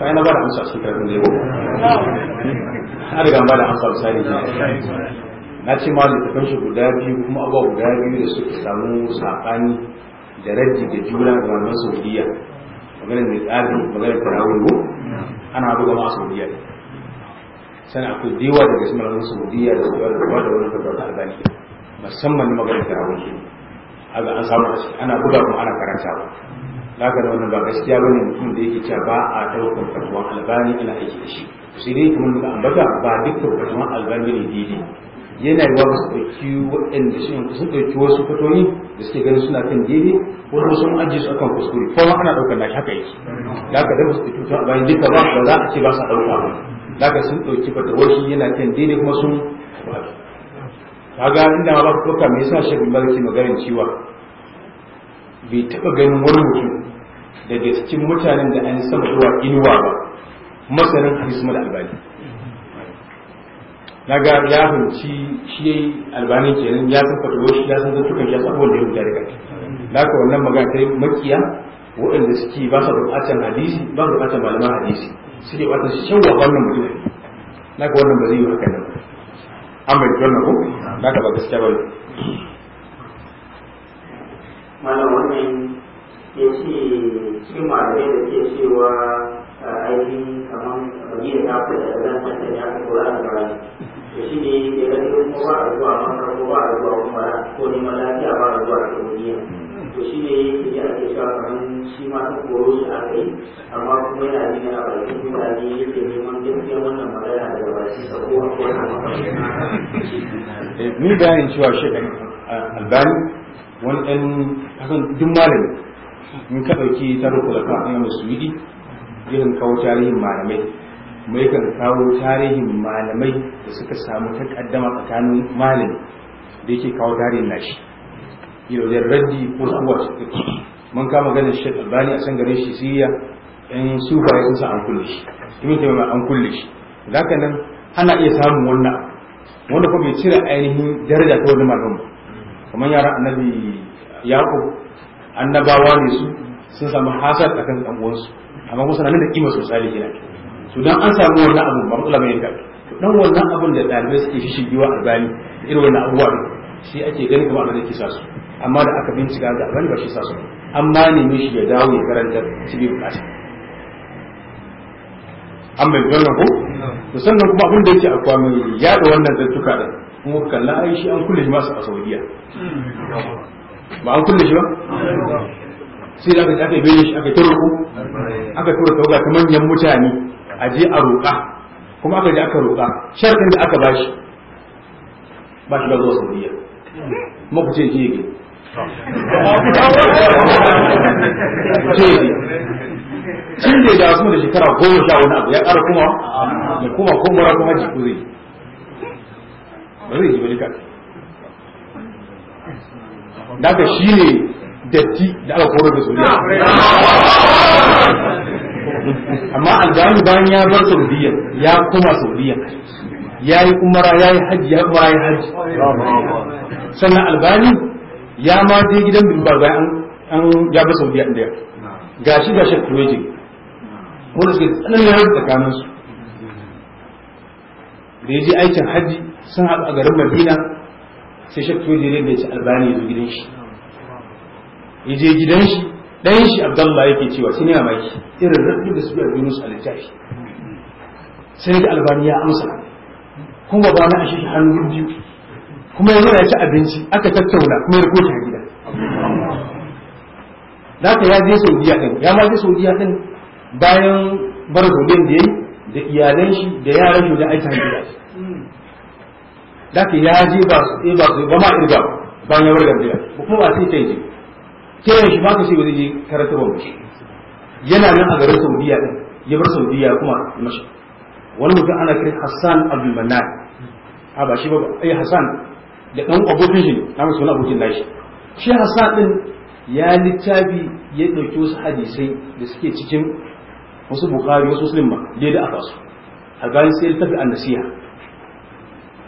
sai na bada amsa cikin karatun da yau na riga da amsa ne na ce ma littafin shi guda biyu kuma abuwa guda biyu da suke samu saɓani da raddi da juna ga malaman saudiya maganar mai tsafi maganar tarawih ko ana buga ma saudiya ne sana akwai dewa daga cikin malaman saudiya da suka da wani fadar da albani musamman maganar tarawih a ga an samu ana buga kuma ana karantawa haka da wannan ba gaskiya bane mutum da yake cewa ba a daukar fatuwan albani ina aiki da shi sai dai kuma muka ambata ba dukkan fatuwan albani ne daidai yana yi wa su ɗauki waɗanda sun ɗauki wasu fatoni da suke ganin suna kan daidai wasu sun ajiye su akan kuskure ma ana ɗaukar nashi haka yake da da ba su ɗauki fatuwan albani duka ba ba za a ce ba su ɗauka ba da sun ɗauki fatawar shi yana kan daidai kuma sun kaga inda ma ba ku ɗauka me yasa shi bin ba magana cewa bai taɓa ganin wani mutum daga cikin mutanen da an sama zuwa inuwa ba masanin hadis mal albani ga ya hunci shi albani kenan ya san fatuwa shi ya san zantukan shi ya san abubuwan da ya huta daga naka wannan magana kai makiya waɗanda suke ba su buƙatar hadisi ba su buƙatar malaman hadisi suke buƙatar su shawwa wannan mutum naka wannan ba zai yi haka nan an bai wannan ko naka ba gaskiya ba ne wannan ya ce cikin da ke cewa ainihin kamar bagi da tafi da ne a a ko a ya ake a neman gaskiya wannan magana daga bakin a eh, ni in ka ɗauki tarukul kafin na suwidi irin kawo tarihin malamai mai kan kawo tarihin malamai da suka samu ta takaddama tsakanin malami da yake kawo tarihin nashi yau da raddi ko kuwa mun kama ganin shi bani a san gare shi siriya yan sufa ya kusa an kulle shi ke ma an kulle shi zaka nan ana iya samun wannan wanda kuma bai cire ainihin daraja ta wani malamin kamar yaran annabi yaqub annabawa ne su sun samu hasar a kan uwansu amma kuma suna nan da kima sosai da su don an samu wannan abun ba matsala bane kai dan wannan abun da dalibai suke giwa a zani irin wannan abubuwa shi ake gani kamar abin da ke sa su amma da aka bincika ga abin ba shi sa su amma ne mishi ya dawo ya karanta shi bai bukata an bai wannan ko to sannan kuma abin da yake akwai mai yada wannan zartuka da kuma kalla yi shi an kulle shi masu a Saudiya ba an kulle shi ba sai da aka aka yi shi aka ta roƙo aka tura tauga ta manyan mutane a je a roƙa kuma aka je aka roƙa sharɗin da aka bashi ba shi ba zuwa saudiya kuma ku ce ji ge ce da ya da shekara goma sha wani abu ya ƙara kuma ya kuma ko kuma haji zai ba zai ji ba daga shi ne datti da aka koro da saudiya amma aljani bayan ya bar saudiya ya koma saudiya ya yi umara ya yi hajji ya umara ya yi hajji sannan albani ya ma je gidan bin bayan an ya bar saudiya ɗaya gashi gashi kuwaiti wanda suke tsananin rar tsakaninsu da ya je aikin hajji sun haɗu a garin madina sai shek tuji ne da ya ci albani ya zo gidan shi ya je gidan shi ɗayan shi abdallah yake cewa sun yi mamaki irin rabu da su biya yunus a littafi sai da albani ya amsa kuma ba na ashe hannu biyu kuma yanzu ya ci abinci aka tattauna kuma ya rikota gida da ya je saudiya din ya ma je saudiya din bayan bar da ya da iyalan shi da yaran shi da aika gida da ya je ba su eh, ba su ba ma irga bayan ya warga biya ko kuma ba sai ta yi ta yi shi ba ka ce ba ji karatu ba shi yana nan a garin Saudiya din ya bar Saudiya kuma mashi wani mutum ana kiran Hassan Abdul Mannan a ba shi ba ai eh, Hassan da dan abokin shi na mai abokin nashi shi Hassan din ya littafi ya dauki wasu hadisai da suke cikin wasu Bukhari wasu Muslim ba da aka su a gani sai littafi an nasiha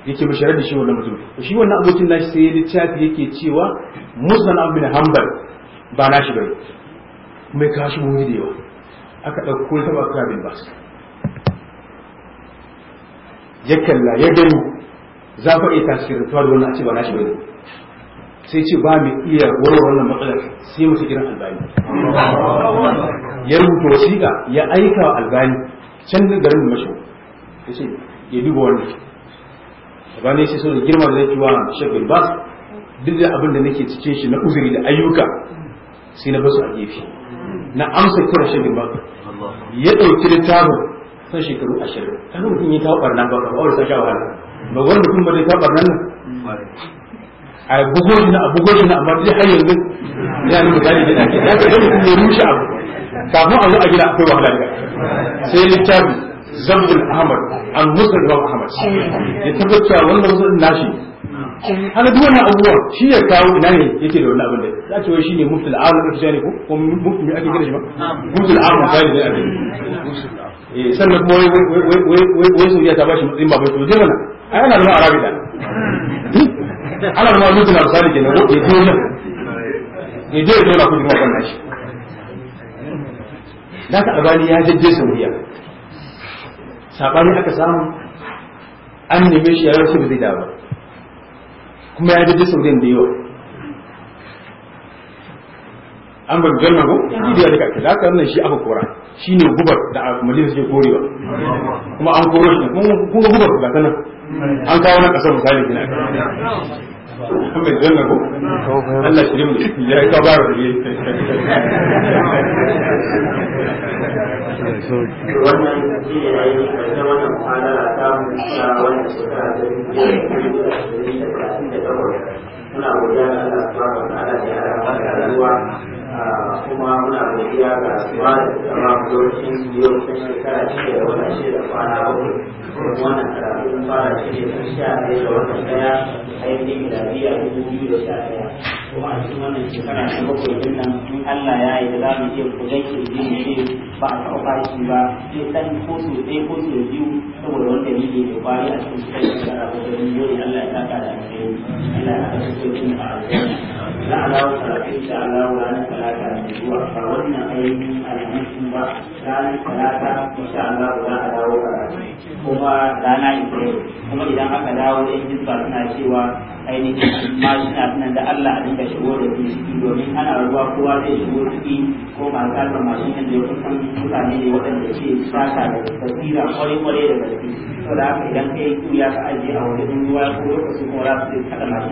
yake bashirar da shi wannan mutum shi wannan abokin nashi sai tafi yake cewa musulman abin hambar ba nashi bane mai kashi mu da yawa aka ɗauko ta ba kabin ba ya kalla ya gani za fa iya tasirin tuwa wannan a ce ba nashi bane sai ce ba mai iya warware wannan matsalar sai mutu gina albani ya rubuta wasiƙa ya aika wa albani can garin mashi ya ce ya duba wannan Wani shi sun girma da nake wa shekul bas duk da abin da nake cike shi na uzuri da ayyuka sai na basu a gefe na amsa kira shekul bas ya dauki littafin sai shekaru 20 kan mutum ya tawo ɓarna ba kawo da sasha wahala ba wanda kuma da ta ɓarnan nan a bugo shi na a bugo shi na amma duk har yanzu ya nuna gani gida ke da ka kuma ya rushe abu kafin a zo a gida akwai wahala sai littafin zambul ahmad an musul zan ahmad ya tabbata wannan musulun nashi ana duk wannan abubuwan shi ya kawo ina ne yake da wannan abin da za ce wai shine musul ahmad da ne ko ko muftul ake shi ba ahmad sai da ake eh sannan kuma wai wai wai wai wai ya tabashi mutum ba to zai wannan ai ana da arabi da ana da muftul amal da ne ko ne ne wannan shi da ya sabani aka samu an neme shi ya su zai da ba kuma ya daji saurin da yawa an ba gugar na gudu da kake da aka wannan shi aka kora shi ne gubar da majalis ke korewa kuma an koro shi kuma gubar ga kana an kawo na kasar misali gina mai janna ko Allah shi ya ka ba rubi wannan shi ne ya yi wannan ta ta da ta muna godiya da Allah ya da ruwa kuma muna godiya ga suwa da kama dokin yau ta shekara da wata shida kwana bakwai wannan karatun fara sha da wata ɗaya aiki miladiya dubu biyu da sha kuma a cikin wannan shekara ta bakwai din nan in Allah ya yi za mu iya kudan kirji mu ba a taɓa fashi ba sai ko su ko su biyu saboda wanda ni ne da kwari a cikin shekara shekara ba da biyu ne Allah ya da Allah ya a alheri za a dawo Allah talata da zuwa ba wannan ainihin alhamisin ba ranar talata insha Allah za a dawo ba kuma rana ita kuma idan aka dawo yan hizba suna cewa ainihin mashina suna da Allah a dinga shigo da su ciki domin ana ruwa kowa zai shigo ciki ko masu kalmar mashinan da ya kusan mutane ne waɗanda ke sata da basira kwarai-kwarai da gaske. Saboda haka idan kai ku ya ka ajiye a wajen ruwa ko lokacin kuma za su kaɗa mashin